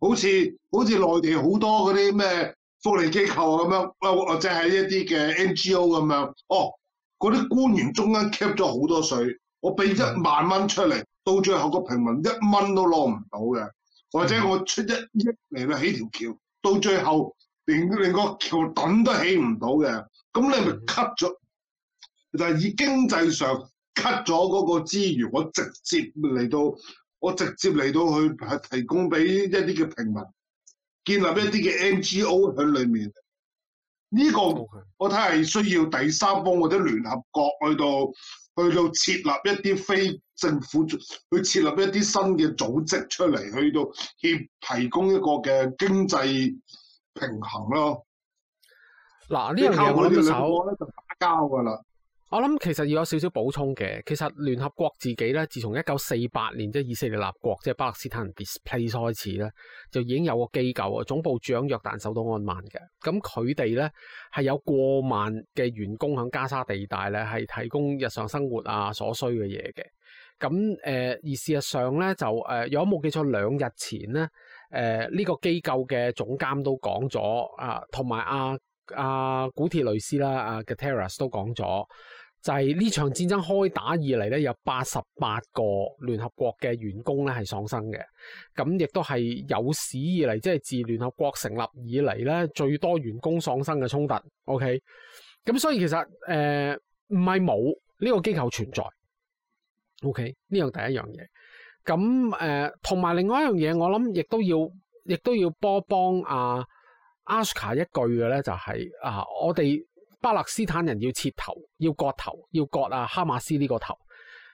好似好似內地好多嗰啲咩福利機構咁樣，或者係一啲嘅 NGO 咁樣。哦，嗰啲官員中間 cut 咗好多水，我俾一萬蚊出嚟，到最後個平民一蚊都攞唔到嘅。或者我出一億嚟去起條橋，到最後連連個橋墩都起唔到嘅。咁你咪 cut 咗，就係以經濟上 cut 咗嗰個資源，我直接嚟到。我直接嚟到去係提供俾一啲嘅平民建立一啲嘅 NGO 喺裏面，呢個我睇係需要第三方或者聯合國去到去到設立一啲非政府，去設立一啲新嘅組織出嚟去到協提供一個嘅經濟平衡咯。嗱，呢樣嘢我哋兩個咧就打交㗎啦。我諗其實要有少少補充嘅，其實聯合國自己咧，自從一九四八年，即係以色列立國，即係巴勒斯坦人 displace 開始咧，就已經有個機構啊，總部長約旦首都安曼嘅。咁佢哋咧係有過萬嘅員工喺加沙地帶咧，係提供日常生活啊所需嘅嘢嘅。咁誒、呃、而事實上咧就誒，有、呃、冇記錯，兩日前咧，誒、呃、呢、呢個機構嘅總監都講咗、呃、啊，同埋啊。阿、啊、古鐵雷斯啦，阿、啊、Guterres 都講咗，就係、是、呢場戰爭開打以嚟咧，有八十八個聯合國嘅員工咧係喪生嘅，咁亦都係有史以嚟，即、就、係、是、自聯合國成立以嚟咧最多員工喪生嘅衝突。OK，咁所以其實誒唔係冇呢個機構存在。OK，呢樣第一樣嘢，咁誒同埋另外一樣嘢，我諗亦都要亦都要幫幫阿、啊。Asuka 一句嘅咧就係啊，我哋巴勒斯坦人要切頭，要割頭，要割啊哈馬斯呢個頭。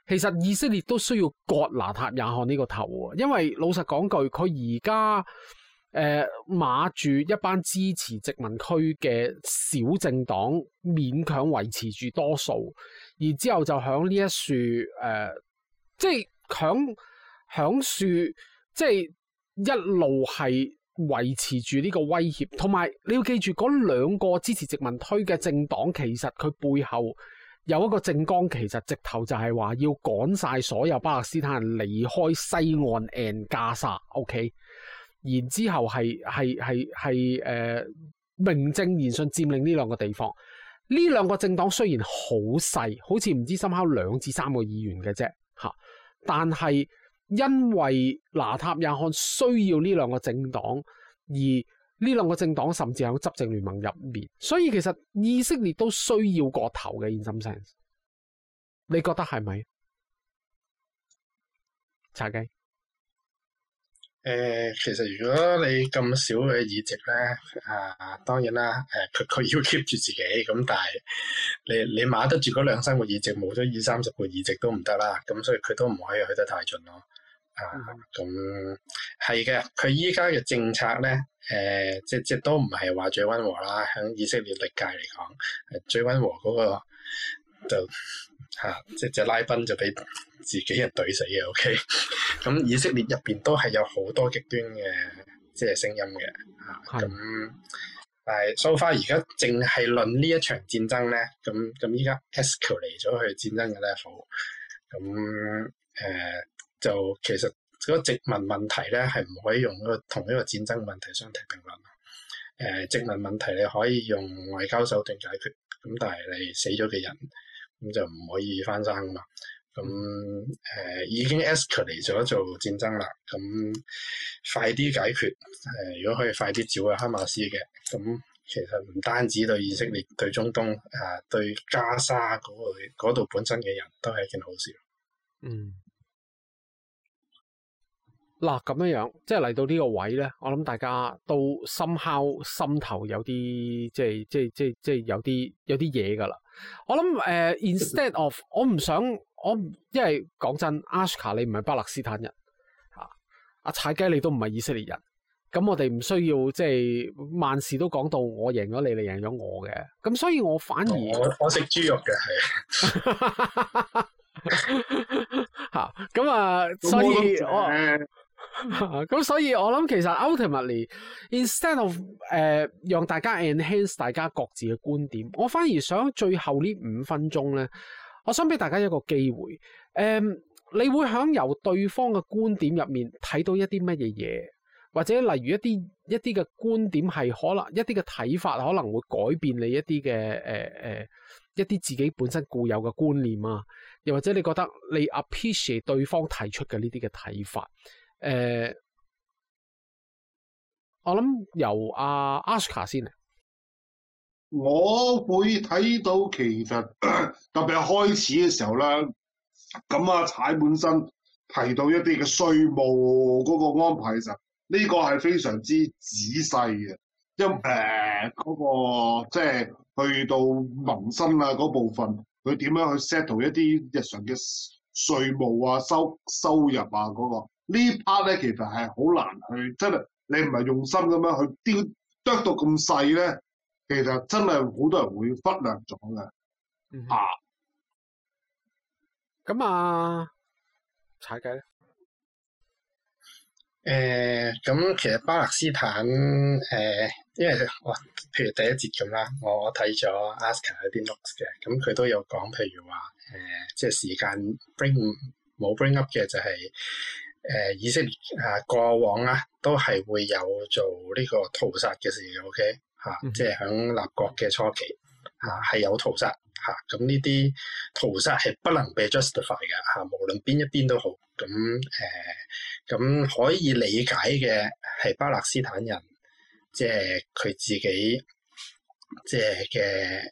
其實以色列都需要割拿塔亞漢呢個頭喎，因為老實講句，佢而家誒馬住一班支持殖民區嘅小政黨，勉強維持住多數，然之後就響呢一樹誒，即係響響樹，即係一路係。維持住呢個威脅，同埋你要記住嗰兩個支持殖民推嘅政黨，其實佢背後有一個政綱，其實直頭就係話要趕晒所有巴勒斯坦人離開西岸 and 加沙，OK？然之後係係係係誒名正言順佔領呢兩個地方。呢兩個政黨雖然好細，好似唔知深口兩至三個議員嘅啫，吓，但係。因為拿塔亞汗需要呢兩個政黨，而呢兩個政黨甚至喺執政聯盟入面，所以其實以色列都需要個頭嘅。In some sense 你覺得係咪？踩雞？誒、呃，其實如果你咁少嘅議席咧，啊、呃，當然啦，誒、呃，佢佢要 keep 住自己咁，但係你你碼得住嗰兩三個議席，冇咗二三十個議席都唔得啦。咁所以佢都唔可以去得太盡咯。啊，咁係嘅，佢依家嘅政策咧，誒、呃，即即都唔係話最溫和啦，響以色列歷屆嚟講，最溫和嗰個就吓、啊，即即拉賓就俾自己人懟死嘅，OK、 嗯。咁以色列入邊都係有好多極端嘅即聲音嘅，啊，咁、嗯嗯嗯、但係 so far 而家淨係論呢一場戰爭咧，咁咁依家 escalate 咗去戰爭嘅 level，咁誒。嗯嗯嗯就其實個殖民問題咧，係唔可以用、個同一個戰爭問題相提並論。誒、呃、殖民問題你可以用外交手段解決，咁但係你死咗嘅人咁就唔可以翻生噶嘛。咁誒、呃、已經 escalate 咗做戰爭啦，咁快啲解決誒、呃。如果可以快啲剿去哈馬斯嘅，咁其實唔單止對以色列、對中東啊，對加沙嗰度本身嘅人都係一件好事。嗯。嗱，咁樣樣，即係嚟到呢個位咧，我諗大家都心敲心頭有啲即係即係即係即係有啲有啲嘢噶啦。我諗誒、呃、，instead of 我唔想我，因為講真，Asuka 你唔係巴勒斯坦人吓，阿、啊啊、踩雞你都唔係以色列人，咁、啊、我哋唔需要即係萬事都講到我贏咗你，你贏咗我嘅。咁所以我反而我食豬肉嘅係吓咁啊，所以我。咁 所以，我諗其實 ultimately，instead of 誒、uh，讓大家 enhance 大家各自嘅觀點，我反而想最後呢五分鐘呢，我想俾大家一個機會，誒、嗯，你會想由對方嘅觀點入面睇到一啲乜嘢嘢？或者例如一啲一啲嘅觀點係可能一啲嘅睇法可能會改變你一啲嘅誒誒一啲自己本身固有嘅觀念啊，又或者你覺得你 appreciate 對方提出嘅呢啲嘅睇法。誒、呃，我諗由阿阿叔卡先嚟，我會睇到其實特別係開始嘅時候咧，咁啊踩本身提到一啲嘅稅務嗰個安排時，嘅其候，呢個係非常之仔細嘅，因誒嗰、那個即係、就是、去到民生啊嗰部分，佢點樣去 settle 一啲日常嘅稅務啊、收收入啊嗰、那個。呢 part 咧，其實係好難去，真係你唔係用心咁樣去雕琢到咁細咧，其實真係好多人會忽略咗噶啊。咁啊，踩雞咧，誒、呃，咁其實巴勒斯坦誒、呃，因為哇，譬如第一節咁啦，我睇咗 Asuka 啲 notes 嘅，咁佢都有講，譬如話誒、呃，即係時間 bring 冇 bring up 嘅就係、是。誒、啊、以色列誒、啊、過往啊，都係會有做呢個屠殺嘅事嘅，OK 嚇、啊，即係響立國嘅初期嚇係、啊、有屠殺嚇，咁呢啲屠殺係不能被 justify 嘅嚇、啊，無論邊一邊都好，咁誒咁可以理解嘅係巴勒斯坦人，即係佢自己即係嘅。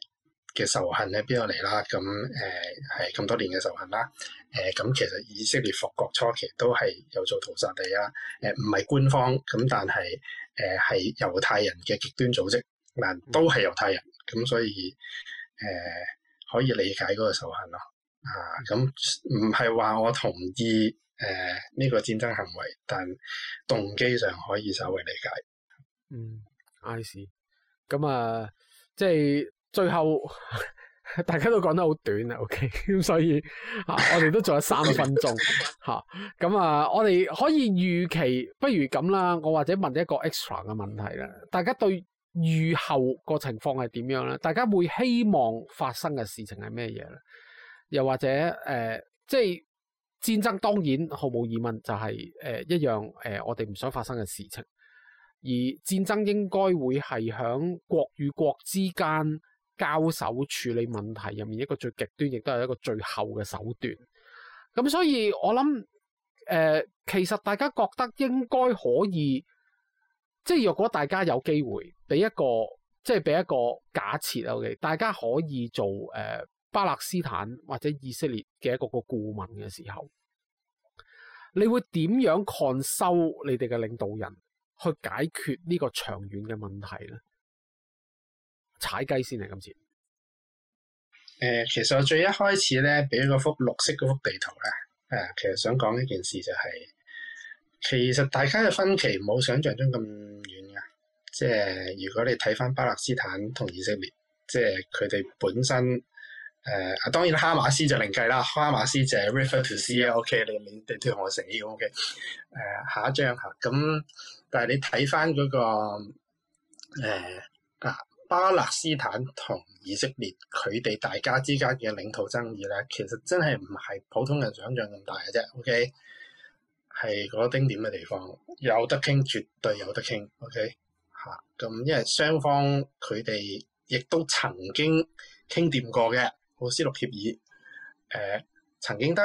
嘅仇恨喺邊度嚟啦？咁誒係咁多年嘅仇恨啦。誒、呃、咁其實以色列復國初期都係有做屠殺地啦、啊。誒唔係官方咁，但係誒係猶太人嘅極端組織但都係猶太人咁，所以誒、呃、可以理解嗰個仇恨咯。啊，咁唔係話我同意誒呢、呃呢個戰爭行為，但動機上可以稍微理解。嗯，I see 咁啊，uh, 即係。最後大家都講得好短啦，OK，咁 所以吓、啊、我哋都仲有三啊分鐘吓，咁、嗯、啊我哋可以預期，不如咁啦，我或者問一個 extra 嘅問題啦，大家對預後個情況係點樣咧？大家會希望發生嘅事情係咩嘢咧？又或者誒、呃，即係戰爭，當然毫無疑問就係、是、誒、呃、一樣誒、呃，我哋唔想發生嘅事情，而戰爭應該會係響國與國之間。交手處理問題入面一個最極端，亦都係一個最後嘅手段。咁所以我，我諗，誒，其實大家覺得應該可以，即係如果大家有機會俾一個，即係俾一個假設啊，我哋大家可以做誒、呃、巴勒斯坦或者以色列嘅一個個顧問嘅時候，你會點樣勸收你哋嘅領導人去解決呢個長遠嘅問題呢？踩雞先嚟。今次誒。其實我最一開始咧，俾嗰幅綠色嗰幅地圖咧，誒、啊，其實想講一件事就係、是，其實大家嘅分歧冇想象中咁遠㗎。即係如果你睇翻巴勒斯坦同以色列，即係佢哋本身誒、啊，當然哈馬斯就另計啦。哈馬斯就 river to sea 啊，OK，你你你同我死咁 OK 誒、啊，下一張嚇咁、啊，但係你睇翻嗰個啊。嗯巴勒斯坦同以色列佢哋大家之間嘅領土爭議咧，其實真係唔係普通人想象咁大嘅啫。OK，係嗰個丁點嘅地方有得傾絕對有得傾，OK，吓，咁，因為雙方佢哋亦都曾經傾掂過嘅奧斯陸協議，誒、呃、曾經得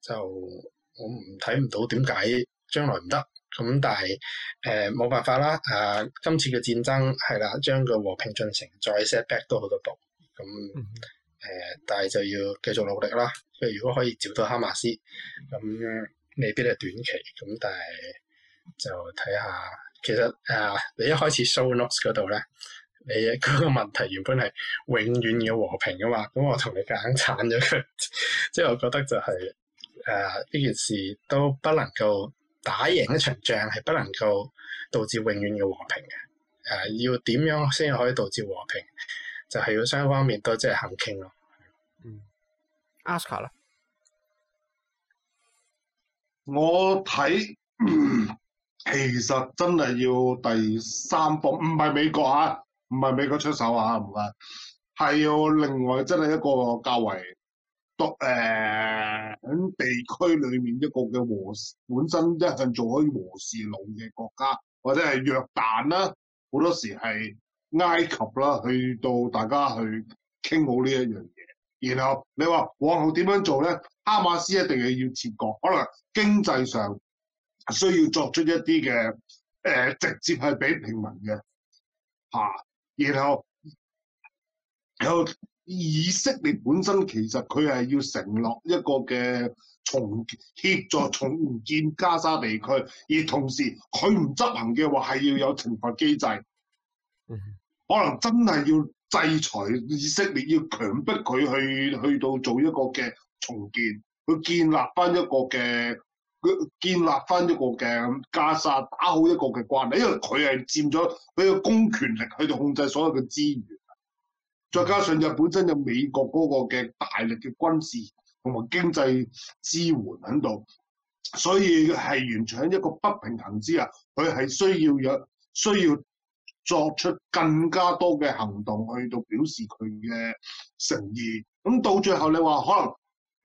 就我唔睇唔到點解將來唔得。咁、嗯、但係誒冇辦法啦，啊今次嘅戰爭係啦，將個和平進程再 set back 都好多步。咁、嗯、誒、嗯嗯，但係就要繼續努力啦。即係如果可以招到哈馬斯，咁、嗯、未必係短期。咁、嗯、但係就睇下。其實誒、啊，你一開始 show notes 嗰度咧，你嗰個問題原本係永遠要和平嘅嘛。咁我同你硬鏟咗佢。即 係我覺得就係誒呢件事都不能夠。打贏一場仗係不能夠導致永遠嘅和平嘅，誒、呃、要點樣先可以導致和平？就係、是、要雙方面都即係肯傾咯、嗯 Ask her.。嗯，Asuka 咧，我睇其實真係要第三方，唔係美國啊，唔係美國出手啊，唔係，係要另外真係一個較為。獨誒喺地區裏面一個嘅和本身一向做開和事佬嘅國家，或者係約旦啦，好多時係埃及啦，去到大家去傾好呢一樣嘢，然後你話往後點樣做咧？哈馬斯一定係要切割，可能經濟上需要作出一啲嘅誒直接係俾平民嘅，嚇、啊，然後，然後。以色列本身其實佢係要承諾一個嘅重協助重建加沙地區，而同時佢唔執行嘅話，係要有懲罰機制。可能真係要制裁以色列，要強迫佢去去到做一個嘅重建，去建立返一個嘅，佢建立返一個嘅加沙打好一個嘅關係，因為佢係佔咗佢嘅公權力去到控制所有嘅資源。再加上日本真有美國嗰個嘅大力嘅軍事同埋經濟支援響度，所以係完全喺一個不平衡之下，佢係需要有需要作出更加多嘅行動去到表示佢嘅誠意。咁到最後，你話可能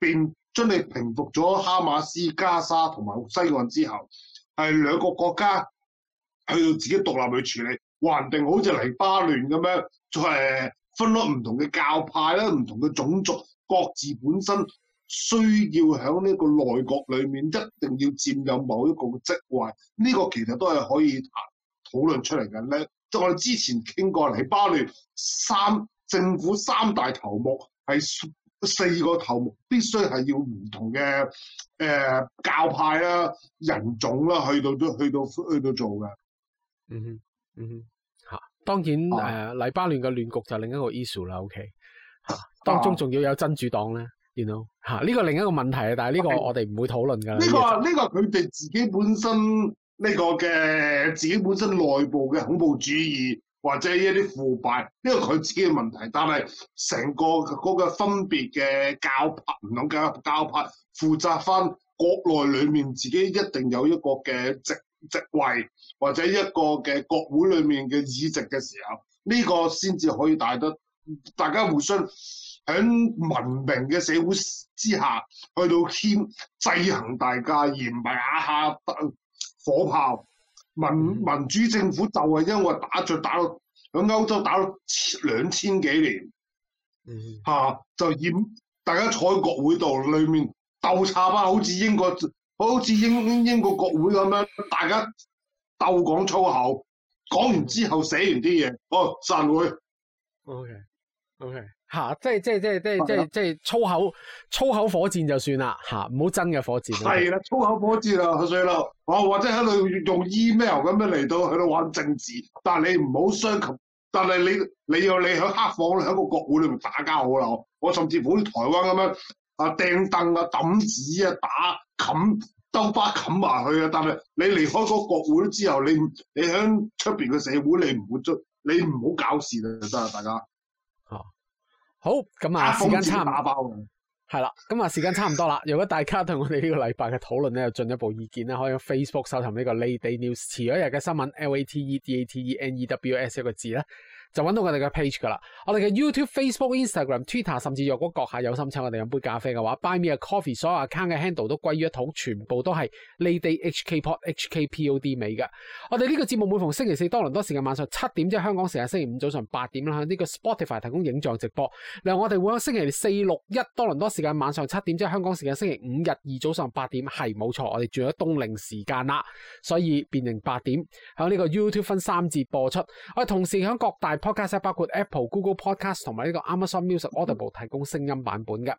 變將，你平復咗哈馬斯加沙同埋西岸之後，係兩個國家去到自己獨立去處理，還定好似黎巴嫩咁樣，就係、是。分落唔同嘅教派啦，唔同嘅種族，各自本身需要喺呢個內閣裡面，一定要佔有某一個職位。呢、這個其實都係可以談討論出嚟嘅咧。即係我哋之前傾過嚟，喺巴聯三政府三大頭目係四個頭目，必須係要唔同嘅誒、呃、教派啦、人種啦，去到都去到去到做嘅、嗯。嗯哼，嗯當然誒、啊呃，黎巴嫩嘅亂局就另一個 issue 啦，OK。嚇、啊啊，當中仲要有真主黨咧，你 know，嚇，呢個另一個問題啊。但係呢個我哋唔會討論噶。呢個呢個佢哋自己本身呢、呢個嘅自己本身內部嘅恐怖主義或者一啲腐敗，呢個佢自己嘅問題。但係成個嗰個分別嘅教派唔同嘅教派，負責翻國內裡面自己一定有一個嘅席位或者一個嘅國會裏面嘅議席嘅時候，呢、呢個先至可以帶得，大家互相響文明嘅社會之下去到謙制衡大家，而唔係下下火炮民、嗯、民主政府就係因為打著打到響歐洲打咗兩千幾年，嚇、嗯啊、就掩大家坐喺國會度裏面鬥岔巴，好似英國。好似英英國國會咁樣，大家鬥講粗口，講完之後寫完啲嘢，哦，散會。OK，OK，嚇，即係即係即係即係即係即係粗口粗口火箭就算啦嚇，唔好真嘅火箭。係啦，粗口火箭啊，去咗哦，或者喺度用 email 咁樣嚟到喺度玩政治，但係你唔好傷及，但係你你要你喺黑房喺個國會裏面打交好啦。我甚至乎台灣咁樣。啊掟凳啊抌紙啊打冚兜巴冚埋去啊！但係你離開嗰國會之後，你你響出邊嘅社會，你會，你唔好追，你唔好搞事啊！真係大家。哦，好咁啊、嗯嗯，時間差唔多啦。咁啊，時間差唔多啦。如果大家對我哋呢個禮拜嘅討論咧有進一步意見咧，可以用 Facebook 搜尋呢個 Late Date News，遲一日嘅新聞，Late Date News 一個字咧。就揾到我哋嘅 page 噶啦，我哋嘅 YouTube、Facebook、Instagram、Twitter，甚至若果閣下有心請我哋飲杯咖啡嘅話，Buy me a coffee，所有 account 嘅 handle 都歸於一統，全部都係 LateDate HKPod HKPod 尾嘅。我哋呢個節目每逢星期四多倫多時間晚上七點，即係香港時間星期五早上八點啦。響呢個 Spotify 提供影像直播，嗱，我哋會響星期四六一多倫多時間晚上七點，即係香港時間星期五日二早上八點，係冇錯，我哋住咗冬令時間啦，所以變成八點響呢個 YouTube 分三節播出，我哋同時響各大。Podcast 包括 Apple、Google Podcast 同埋呢個 Amazon Music、Audible 提供聲音版本嘅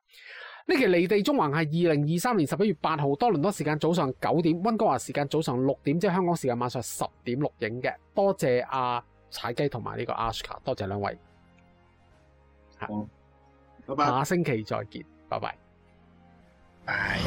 呢期離地縱橫係二零二三年十一月八號多倫多時間早上九點，溫哥華時間早上六點，即係香港時間晚上十點錄影嘅。多謝阿、啊、踩雞同埋呢個 Asuka，多謝兩位。好、嗯，拜拜。下星期再見，拜拜。拜。